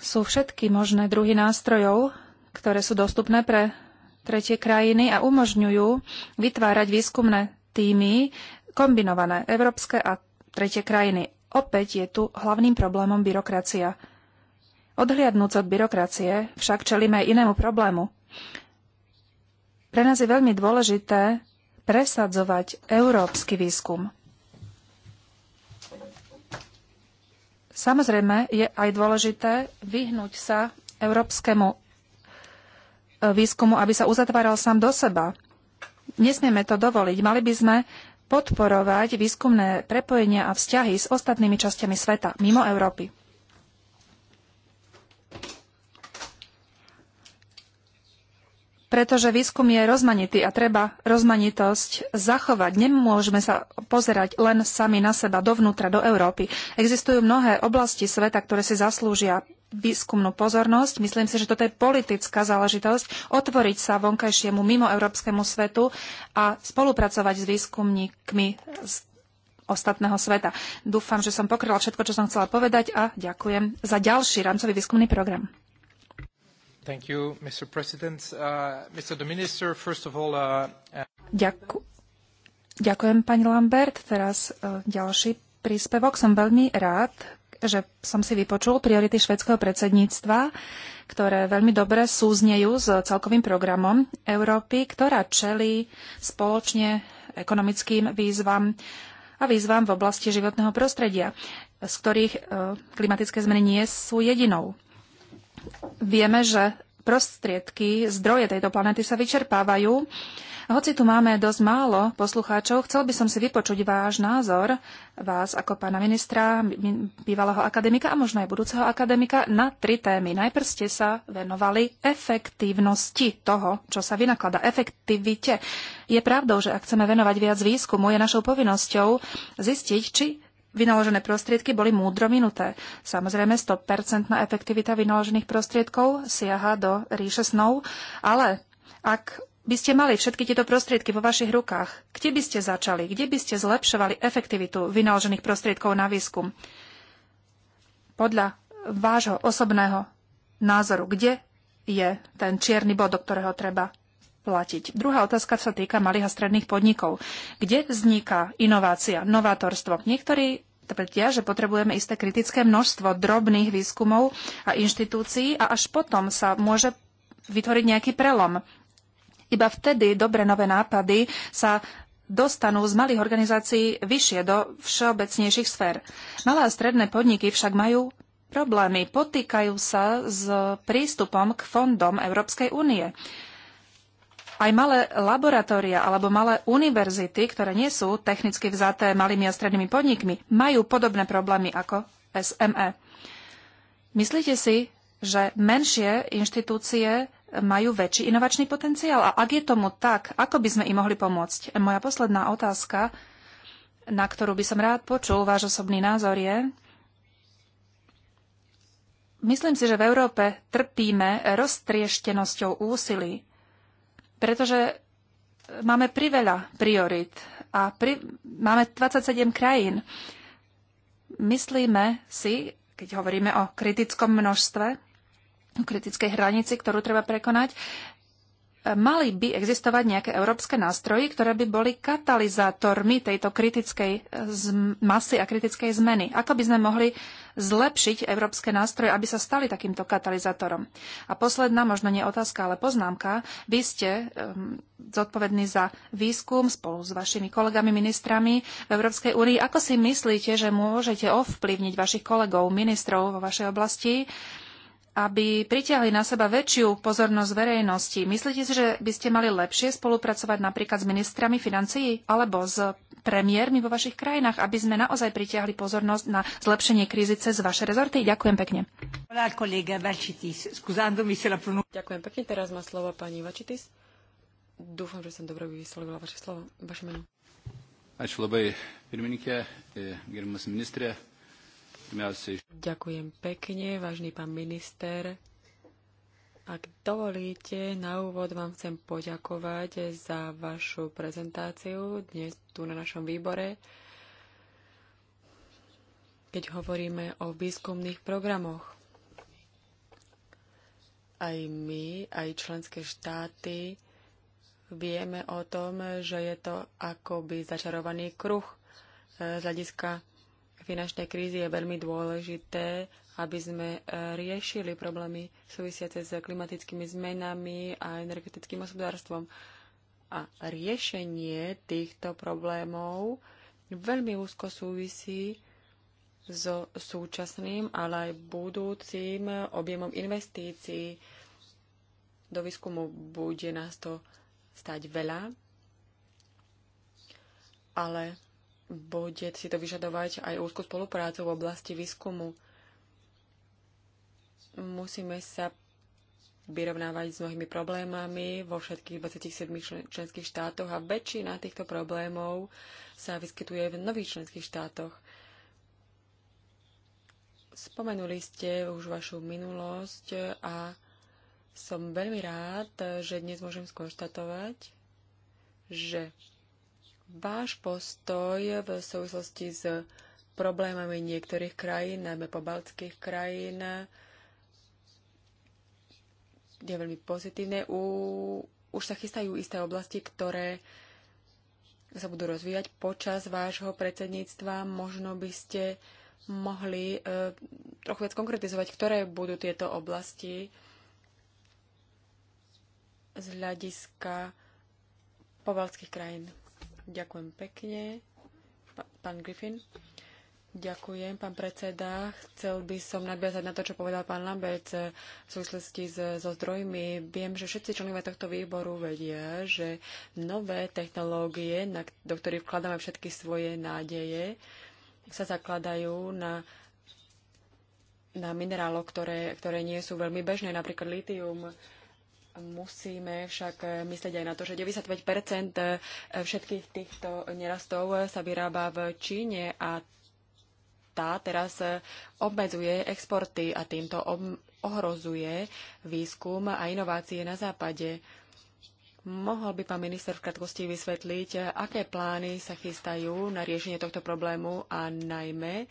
Speaker 2: Sú všetky možné druhy nástrojov, ktoré sú dostupné pre tretie krajiny a umožňujú vytvárať výskumné týmy kombinované európske a tretie krajiny. Opäť je tu hlavným problémom byrokracia. Odhliadnúc od byrokracie však čelíme aj inému problému. Pre nás je veľmi dôležité presadzovať európsky výskum. Samozrejme je aj dôležité vyhnúť sa európskemu e, výskumu, aby sa uzatváral sám do seba. Nesmieme to dovoliť. Mali by sme podporovať výskumné prepojenia a vzťahy s ostatnými časťami sveta mimo Európy. Pretože výskum je rozmanitý a treba rozmanitosť zachovať. Nemôžeme sa pozerať len sami na seba dovnútra, do Európy. Existujú mnohé oblasti sveta, ktoré si zaslúžia výskumnú pozornosť. Myslím si, že toto je politická záležitosť otvoriť sa vonkajšiemu mimo európskemu svetu a spolupracovať s výskumníkmi z ostatného sveta. Dúfam, že som pokryla všetko, čo som chcela povedať a ďakujem za ďalší rámcový výskumný program.
Speaker 4: Uh, uh, uh,
Speaker 2: ďakujem, pani Lambert. Teraz uh, ďalší príspevok. Som veľmi rád, že som si vypočul priority švedského predsedníctva, ktoré veľmi dobre súznejú s celkovým programom Európy, ktorá čelí spoločne ekonomickým výzvam a výzvam v oblasti životného prostredia, z ktorých e, klimatické zmeny nie sú jedinou. Vieme, že prostriedky, zdroje tejto planety sa vyčerpávajú. Hoci tu máme dosť málo poslucháčov, chcel by som si vypočuť váš názor, vás ako pána ministra, bývalého akademika a možno aj budúceho akademika, na tri témy. Najprv ste sa venovali efektívnosti toho, čo sa vynaklada, efektivite. Je pravdou, že ak chceme venovať viac výskumu, je našou povinnosťou zistiť, či vynaložené prostriedky boli múdro minuté. Samozrejme, 100% efektivita vynaložených prostriedkov siaha do ríše snov, ale ak by ste mali všetky tieto prostriedky vo vašich rukách, kde by ste začali? Kde by ste zlepšovali efektivitu vynaložených prostriedkov na výskum? Podľa vášho osobného názoru, kde je ten čierny bod, do ktorého treba platiť? Druhá otázka sa týka malých a stredných podnikov. Kde vzniká inovácia, novátorstvo? Niektorí tvrdia, že potrebujeme isté kritické množstvo drobných výskumov a inštitúcií a až potom sa môže vytvoriť nejaký prelom. Iba vtedy dobre nové nápady sa dostanú z malých organizácií vyššie do všeobecnejších sfér. Malé a stredné podniky však majú problémy, potýkajú sa s prístupom k fondom Európskej únie. Aj malé laboratória alebo malé univerzity, ktoré nie sú technicky vzaté malými a strednými podnikmi, majú podobné problémy ako SME. Myslíte si, že menšie inštitúcie majú väčší inovačný potenciál? A ak je tomu tak, ako by sme im mohli pomôcť? Moja posledná otázka, na ktorú by som rád počul váš osobný názor je, myslím si, že v Európe trpíme roztrieštenosťou úsilí pretože máme priveľa priorit a pri, máme 27 krajín. Myslíme si, keď hovoríme o kritickom množstve, o kritickej hranici, ktorú treba prekonať, mali by existovať nejaké európske nástroje, ktoré by boli katalizátormi tejto kritickej eh, masy a kritickej zmeny. Ako by sme mohli zlepšiť európske nástroje, aby sa stali takýmto katalizátorom? A posledná, možno nie otázka, ale poznámka. Vy ste um, zodpovední za výskum spolu s vašimi kolegami ministrami v Európskej únii. Ako si myslíte, že môžete ovplyvniť vašich kolegov, ministrov vo vašej oblasti? Um, aby pritiahli na seba väčšiu pozornosť verejnosti. Myslíte si, že by ste mali lepšie spolupracovať napríklad s ministrami financií alebo s premiérmi vo vašich krajinách, aby sme naozaj pritiahli pozornosť na zlepšenie krízy cez vaše rezorty? Ďakujem pekne.
Speaker 1: Ďakujem pekne. Teraz má slovo pani Vačitis. Dúfam, že som dobre vyslovila vaše slovo, vaše meno.
Speaker 2: Ačiū labai, pirmininkė, eh,
Speaker 4: gerbiamas ministrė, Ďakujem
Speaker 1: pekne, vážny pán minister. Ak dovolíte, na úvod vám chcem poďakovať za vašu prezentáciu dnes tu na našom výbore, keď hovoríme o výskumných programoch. Aj my, aj členské štáty vieme o tom, že je to akoby začarovaný kruh eh, z hľadiska finančnej krízy je veľmi dôležité, aby sme e, riešili problémy súvisiace s klimatickými zmenami a energetickým hospodárstvom. A riešenie týchto problémov veľmi úzko súvisí so súčasným, ale aj budúcim objemom investícií do výskumu bude nás to stať veľa, ale bude si to vyžadovať aj úzku spoluprácu v oblasti výskumu. Musíme sa vyrovnávať s mnohými problémami vo všetkých 27 členských štátoch a väčšina týchto problémov sa vyskytuje v nových členských štátoch. Spomenuli ste už vašu minulosť a som veľmi rád, že dnes môžem skonštatovať, že váš postoj v súvislosti s problémami niektorých krajín, najmä pobaltských krajín, je veľmi pozitívne. U, už sa chystajú isté oblasti, ktoré sa budú rozvíjať počas vášho predsedníctva. Možno by ste mohli e, trochu viac konkretizovať, ktoré budú tieto oblasti z hľadiska povalských krajín. Ďakujem pekne. Pán Griffin. Ďakujem, pán predseda. Chcel by som nadviazať na to, čo povedal pán Lambec eh, v súvislosti so zdrojmi. Viem, že všetci členovia tohto výboru vedia, že nové technológie, na, do ktorých vkladáme všetky svoje nádeje, sa zakladajú na na mineráloch, ktoré, ktoré nie sú veľmi bežné, napríklad litium. Musíme však myslieť aj na to, že 95 všetkých týchto nerastov sa vyrába v Číne a tá teraz obmedzuje exporty a týmto ohrozuje výskum a inovácie na západe. Mohol by pán minister v krátkosti vysvetliť, aké plány sa chystajú na riešenie tohto problému a najmä, uh,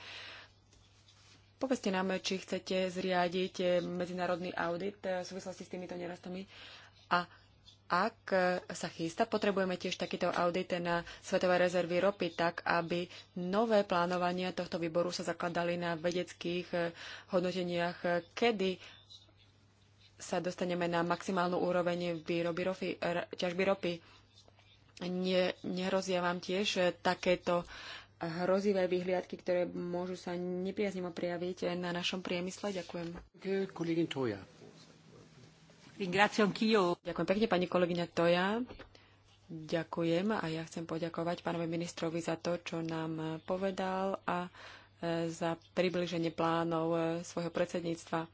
Speaker 1: Povedzte nám, či chcete zriadiť eh, medzinárodný audit eh, v súvislosti s týmito nerastami a ak eh, sa chýsta, potrebujeme tiež takýto audit na Svetové rezervy ropy, tak aby nové plánovania tohto výboru sa zakladali na vedeckých hodnoteniach, kedy sa dostaneme na maximálnu úroveň výroby ropy, ťažby ropy. Ne, nehrozia vám tiež takéto hrozivé vyhliadky, ktoré môžu sa nepriaznivo prejaviť na našom priemysle. Ďakujem. Ďakujem pekne, pani kolegyňa Toja. Ďakujem a ja chcem poďakovať pánovi ministrovi za to, čo nám povedal a e, za približenie plánov e, svojho predsedníctva.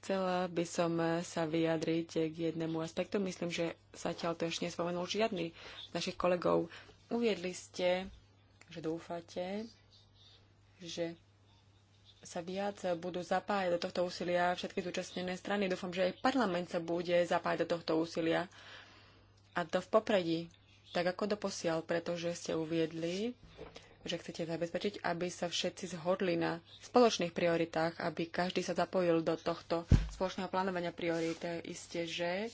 Speaker 1: Chcela by som e, sa vyjadriť k jednému aspektu. Myslím, že sa to ešte nespomenul žiadny z našich kolegov. Uviedli ste, že dúfate, že sa viac budú zapájať do tohto úsilia všetky zúčastnené strany. Dúfam, že aj parlament sa bude zapájať do tohto úsilia. A to v popredí, tak ako doposiaľ, pretože ste uviedli, že chcete zabezpečiť, aby sa všetci zhodli na spoločných prioritách, aby každý sa zapojil do tohto spoločného plánovania priorít. Isté, že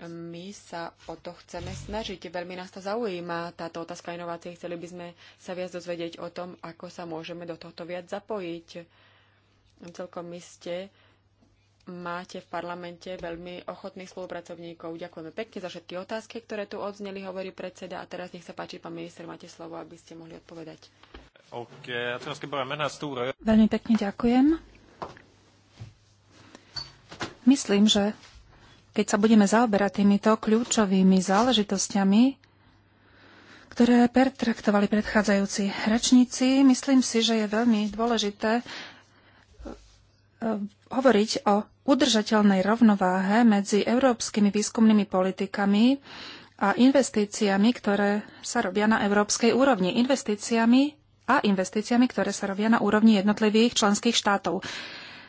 Speaker 1: my sa o to chceme snažiť. Veľmi nás to zaujíma, táto otázka inovácií. Chceli by sme sa viac dozvedieť o tom, ako sa môžeme do tohto viac zapojiť. Celkom ste máte v parlamente veľmi ochotných spolupracovníkov. Ďakujeme pekne za všetky otázky, ktoré tu odzneli, hovorí predseda. A teraz nech sa páči, pán minister, máte slovo, aby ste mohli odpovedať.
Speaker 2: Veľmi pekne ďakujem. Myslím, že keď sa budeme zaoberať týmito kľúčovými záležitosťami, ktoré pertraktovali predchádzajúci rečníci, myslím si, že je veľmi dôležité e, e, hovoriť o udržateľnej rovnováhe medzi európskymi výskumnými politikami a investíciami, ktoré sa robia na európskej úrovni. Investíciami a investíciami, ktoré sa robia na úrovni jednotlivých členských štátov.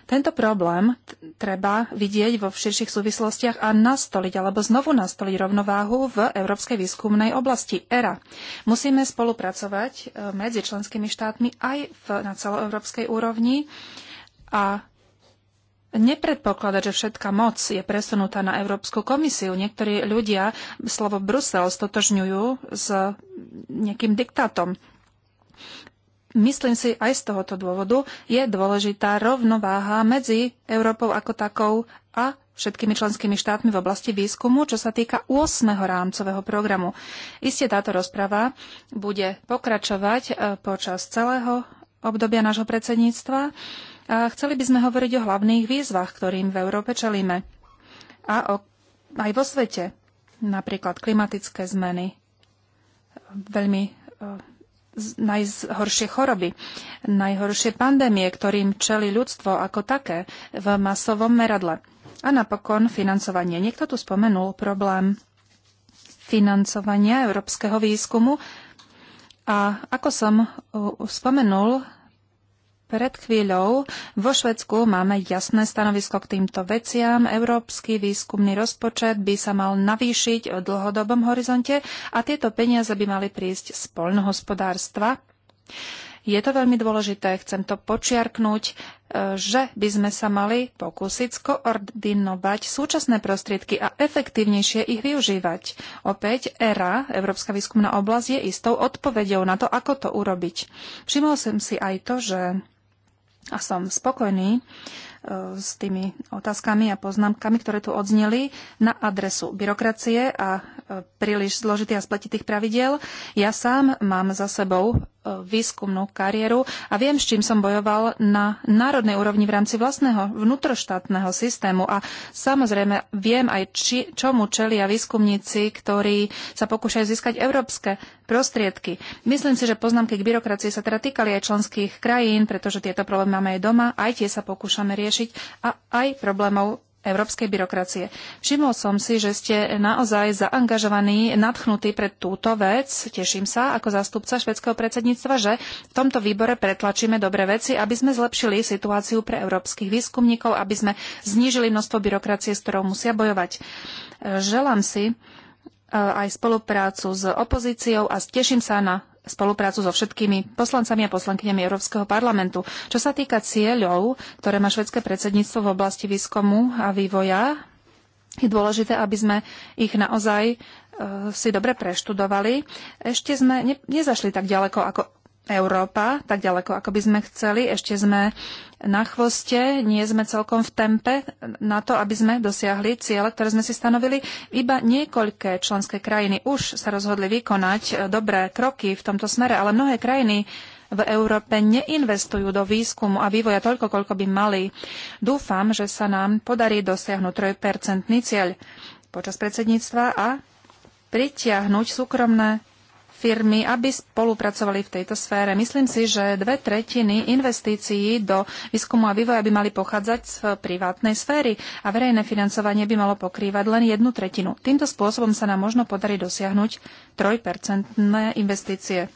Speaker 2: Tento problém treba vidieť vo širších súvislostiach a nastoliť alebo znovu nastoliť rovnováhu v európskej výskumnej oblasti ERA. Musíme spolupracovať e, medzi členskými štátmi aj v, na celoeurópskej úrovni a nepredpokladať, že všetká moc je presunutá na Európsku komisiu. Niektorí ľudia slovo Brusel stotožňujú s nejakým diktátom myslím si aj z tohoto dôvodu je dôležitá rovnováha medzi Európou ako takou a všetkými členskými štátmi v oblasti výskumu, čo sa týka 8. rámcového programu. Isté táto rozprava bude pokračovať e, počas celého obdobia nášho predsedníctva a chceli by sme hovoriť o hlavných výzvach, ktorým v Európe čelíme a o, aj vo svete, napríklad klimatické zmeny, veľmi e, najhoršie choroby, najhoršie pandémie, ktorým čeli ľudstvo ako také v masovom meradle. A napokon financovanie. Niekto tu spomenul problém financovania európskeho výskumu. A ako som spomenul, pred chvíľou vo Švedsku máme jasné stanovisko k týmto veciam. Európsky výskumný rozpočet by sa mal navýšiť v dlhodobom horizonte a tieto peniaze by mali prísť z poľnohospodárstva. Je to veľmi dôležité, chcem to počiarknúť, e, že by sme sa mali pokúsiť skoordinovať súčasné prostriedky a efektívnejšie ich využívať. Opäť ERA, Európska výskumná oblasť, je istou odpovedou na to, ako to urobiť. Všimol som si aj to, že a som spokojný e, s tými otázkami a poznámkami, ktoré tu odzneli na adresu byrokracie a príliš zložitý a spletitých pravidel. Ja sám mám za sebou e, výskumnú kariéru a viem, s čím som bojoval na národnej úrovni v rámci vlastného vnútroštátneho systému. A samozrejme viem aj, či, čomu čelia výskumníci, ktorí sa pokúšajú získať európske prostriedky. Myslím si, že poznámky k byrokracii sa teda týkali aj členských krajín, pretože tieto problémy máme aj doma, aj tie sa pokúšame riešiť a aj problémov európskej byrokracie. Všimol som si, že ste naozaj zaangažovaní, nadchnutí pre túto vec. Teším sa ako zástupca švedského predsedníctva, že v tomto výbore pretlačíme dobré veci, aby sme zlepšili situáciu pre európskych výskumníkov, aby sme znížili množstvo byrokracie, s ktorou musia bojovať. Želám si eh, aj spoluprácu s opozíciou a teším sa na spoluprácu so všetkými poslancami a poslankyňami Európskeho parlamentu. Čo sa týka cieľov, ktoré má švedské predsedníctvo v oblasti výskumu a vývoja, je dôležité, aby sme ich naozaj e, si dobre preštudovali. Ešte sme ne, nezašli tak ďaleko, ako Európa tak ďaleko, ako by sme chceli. Ešte sme na chvoste, nie sme celkom v tempe na to, aby sme dosiahli ciele, ktoré sme si stanovili. Iba niekoľké členské krajiny už sa rozhodli vykonať eh, dobré kroky v tomto smere, ale mnohé krajiny v Európe neinvestujú do výskumu a vývoja toľko, koľko by mali. Dúfam, že sa nám podarí dosiahnuť trojpercentný cieľ počas predsedníctva a pritiahnuť súkromné firmy, aby spolupracovali v tejto sfére. Myslím si, že dve tretiny investícií do výskumu a vývoja by mali pochádzať z privátnej sféry a verejné financovanie by malo pokrývať len jednu tretinu. Týmto spôsobom sa nám možno podarí dosiahnuť 3% investície.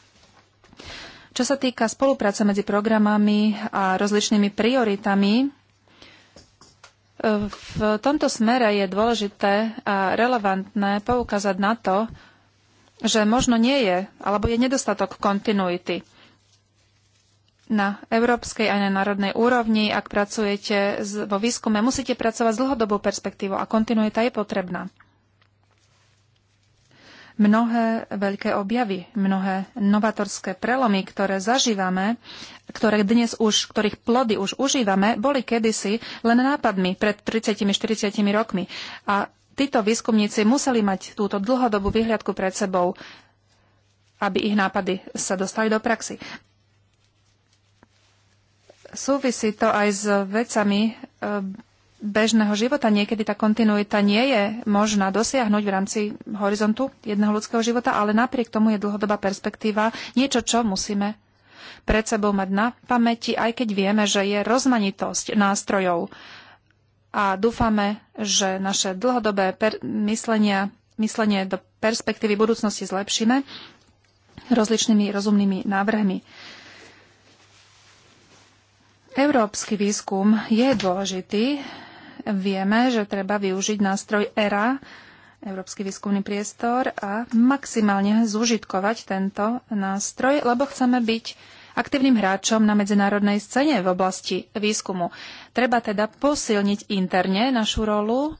Speaker 2: Čo sa týka spolupráce medzi programami a rozličnými prioritami, v tomto smere je dôležité a relevantné poukázať na to, že možno nie je, alebo je nedostatok kontinuity na európskej aj na národnej úrovni, ak pracujete vo výskume, musíte pracovať s dlhodobou perspektívou a kontinuita je potrebná. Mnohé veľké objavy, mnohé novatorské prelomy, ktoré zažívame, ktoré dnes už, ktorých plody už užívame, boli kedysi len nápadmi pred 30-40 rokmi. A títo výskumníci museli mať túto dlhodobú vyhliadku pred sebou, aby ich nápady sa dostali do praxi. Súvisí to aj s vecami e, bežného života. Niekedy tá kontinuita nie je možná dosiahnuť v rámci horizontu jedného ľudského života, ale napriek tomu je dlhodobá perspektíva niečo, čo musíme pred sebou mať na pamäti, aj keď vieme, že je rozmanitosť nástrojov a dúfame, že naše dlhodobé per- myslenia, myslenie do perspektívy budúcnosti zlepšíme rozličnými rozumnými návrhmi. Európsky výskum je dôležitý. Vieme, že treba využiť nástroj ERA, Európsky výskumný priestor a maximálne zúžitkovať tento nástroj, lebo chceme byť aktívnym hráčom na medzinárodnej scéne v oblasti výskumu. Treba teda posilniť interne našu rolu,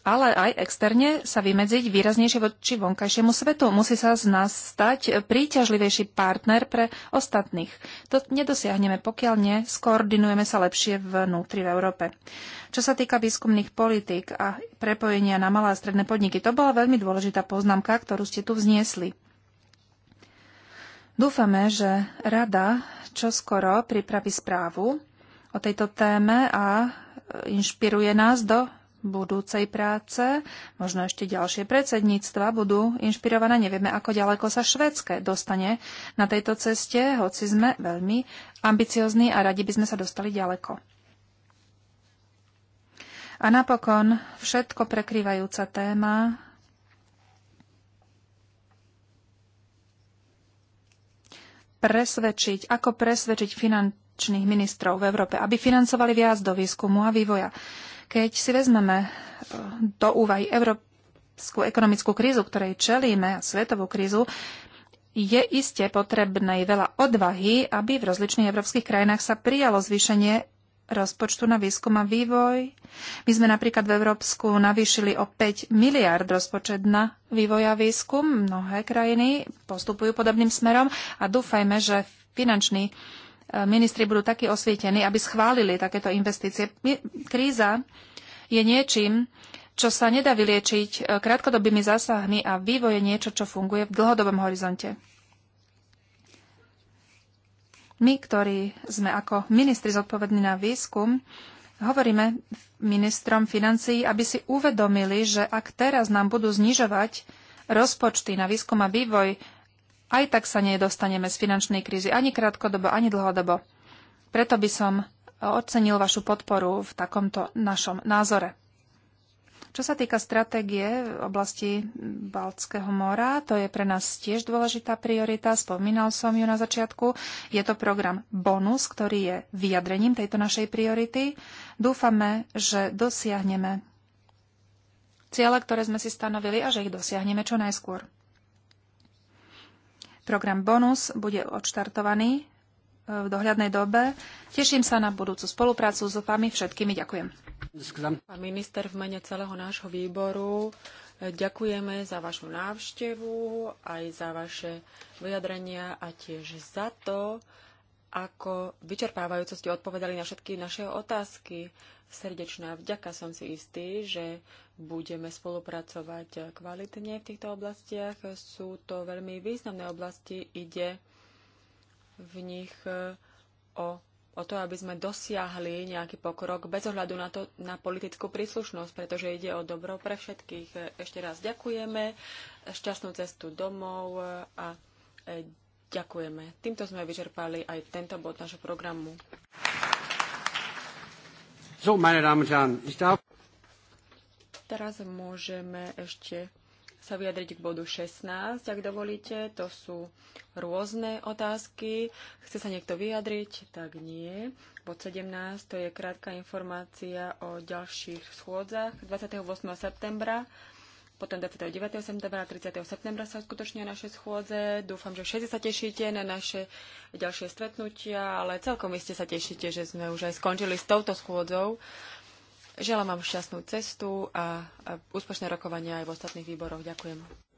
Speaker 2: ale aj externe sa vymedziť výraznejšie voči vonkajšiemu svetu. Musí sa z nás stať príťažlivejší partner pre ostatných. To nedosiahneme, pokiaľ skoordinujeme sa lepšie vnútri v Európe. Čo sa týka výskumných politík a prepojenia na malé a stredné podniky, to bola veľmi dôležitá poznámka, ktorú ste tu vzniesli. Dúfame, že Rada čoskoro pripraví správu, o tejto téme a e, inšpiruje nás do budúcej práce. Možno ešte ďalšie predsedníctva budú inšpirované. Nevieme, ako ďaleko sa Švédske dostane na tejto ceste, hoci sme veľmi ambiciozní a radi by sme sa dostali ďaleko. A napokon všetko prekrývajúca téma presvedčiť, ako presvedčiť finan- zahraničných ministrov v Európe, aby financovali viac do výskumu a vývoja. Keď si vezmeme e, do úvahy európsku ekonomickú krízu, ktorej čelíme, a svetovú krízu, je iste potrebné veľa odvahy, aby v rozličných európskych krajinách sa prijalo zvýšenie rozpočtu na výskum a vývoj. My sme napríklad v Európsku navýšili o 5 miliard rozpočet na vývoj a výskum. Mnohé krajiny postupujú podobným smerom a dúfajme, že finančný ministri budú takí osvietení, aby schválili takéto investície. Kríza je niečím, čo sa nedá vyliečiť e, krátkodobými zásahmi a vývoj je niečo, čo funguje v dlhodobom horizonte. My, ktorí sme ako ministri zodpovední na výskum, hovoríme ministrom financií, aby si uvedomili, že ak teraz nám budú znižovať rozpočty na výskum a vývoj aj tak sa nedostaneme z finančnej krízy ani krátkodobo, ani dlhodobo. Preto by som e, ocenil vašu podporu v takomto našom názore. Čo sa týka stratégie v oblasti Baltského mora, to je pre nás tiež dôležitá priorita. Spomínal som ju na začiatku. Je to program BONUS, ktorý je vyjadrením tejto našej priority. Dúfame, že dosiahneme ciele, ktoré sme si stanovili a že ich dosiahneme čo najskôr. Program Bonus bude odštartovaný e, v dohľadnej dobe. Teším sa na budúcu spoluprácu s vami všetkými. Ďakujem. Pán minister, v mene celého nášho výboru e, ďakujeme za vašu
Speaker 1: návštevu, aj za vaše vyjadrenia a tiež za to, ako vyčerpávajúco ste odpovedali na všetky naše otázky srdečná vďaka. Som si istý, že budeme spolupracovať kvalitne v týchto oblastiach. Sú to veľmi významné oblasti. Ide v nich e, o, o to, aby sme dosiahli nejaký pokrok bez ohľadu na, to, na politickú príslušnosť, pretože ide o dobro pre všetkých. E, ešte raz ďakujeme, šťastnú cestu domov e, a ďakujeme. Týmto sme vyčerpali aj tento bod našho programu.
Speaker 4: So, meine Damen und Herren, ich darf...
Speaker 1: Teraz môžeme ešte sa vyjadriť k bodu 16, ak dovolíte. To sú rôzne otázky. Chce sa niekto vyjadriť? Tak nie. Bod 17 to je krátka informácia o ďalších schôdzach 28. septembra potom 29. septembra a 30. septembra sa uskutočnia naše schôdze. Dúfam, že všetci sa tešíte na naše ďalšie stretnutia, ale celkom iste sa tešíte, že sme už aj skončili s touto schôdzou. Želám vám šťastnú cestu a úspešné rokovania aj v ostatných výboroch. Ďakujem.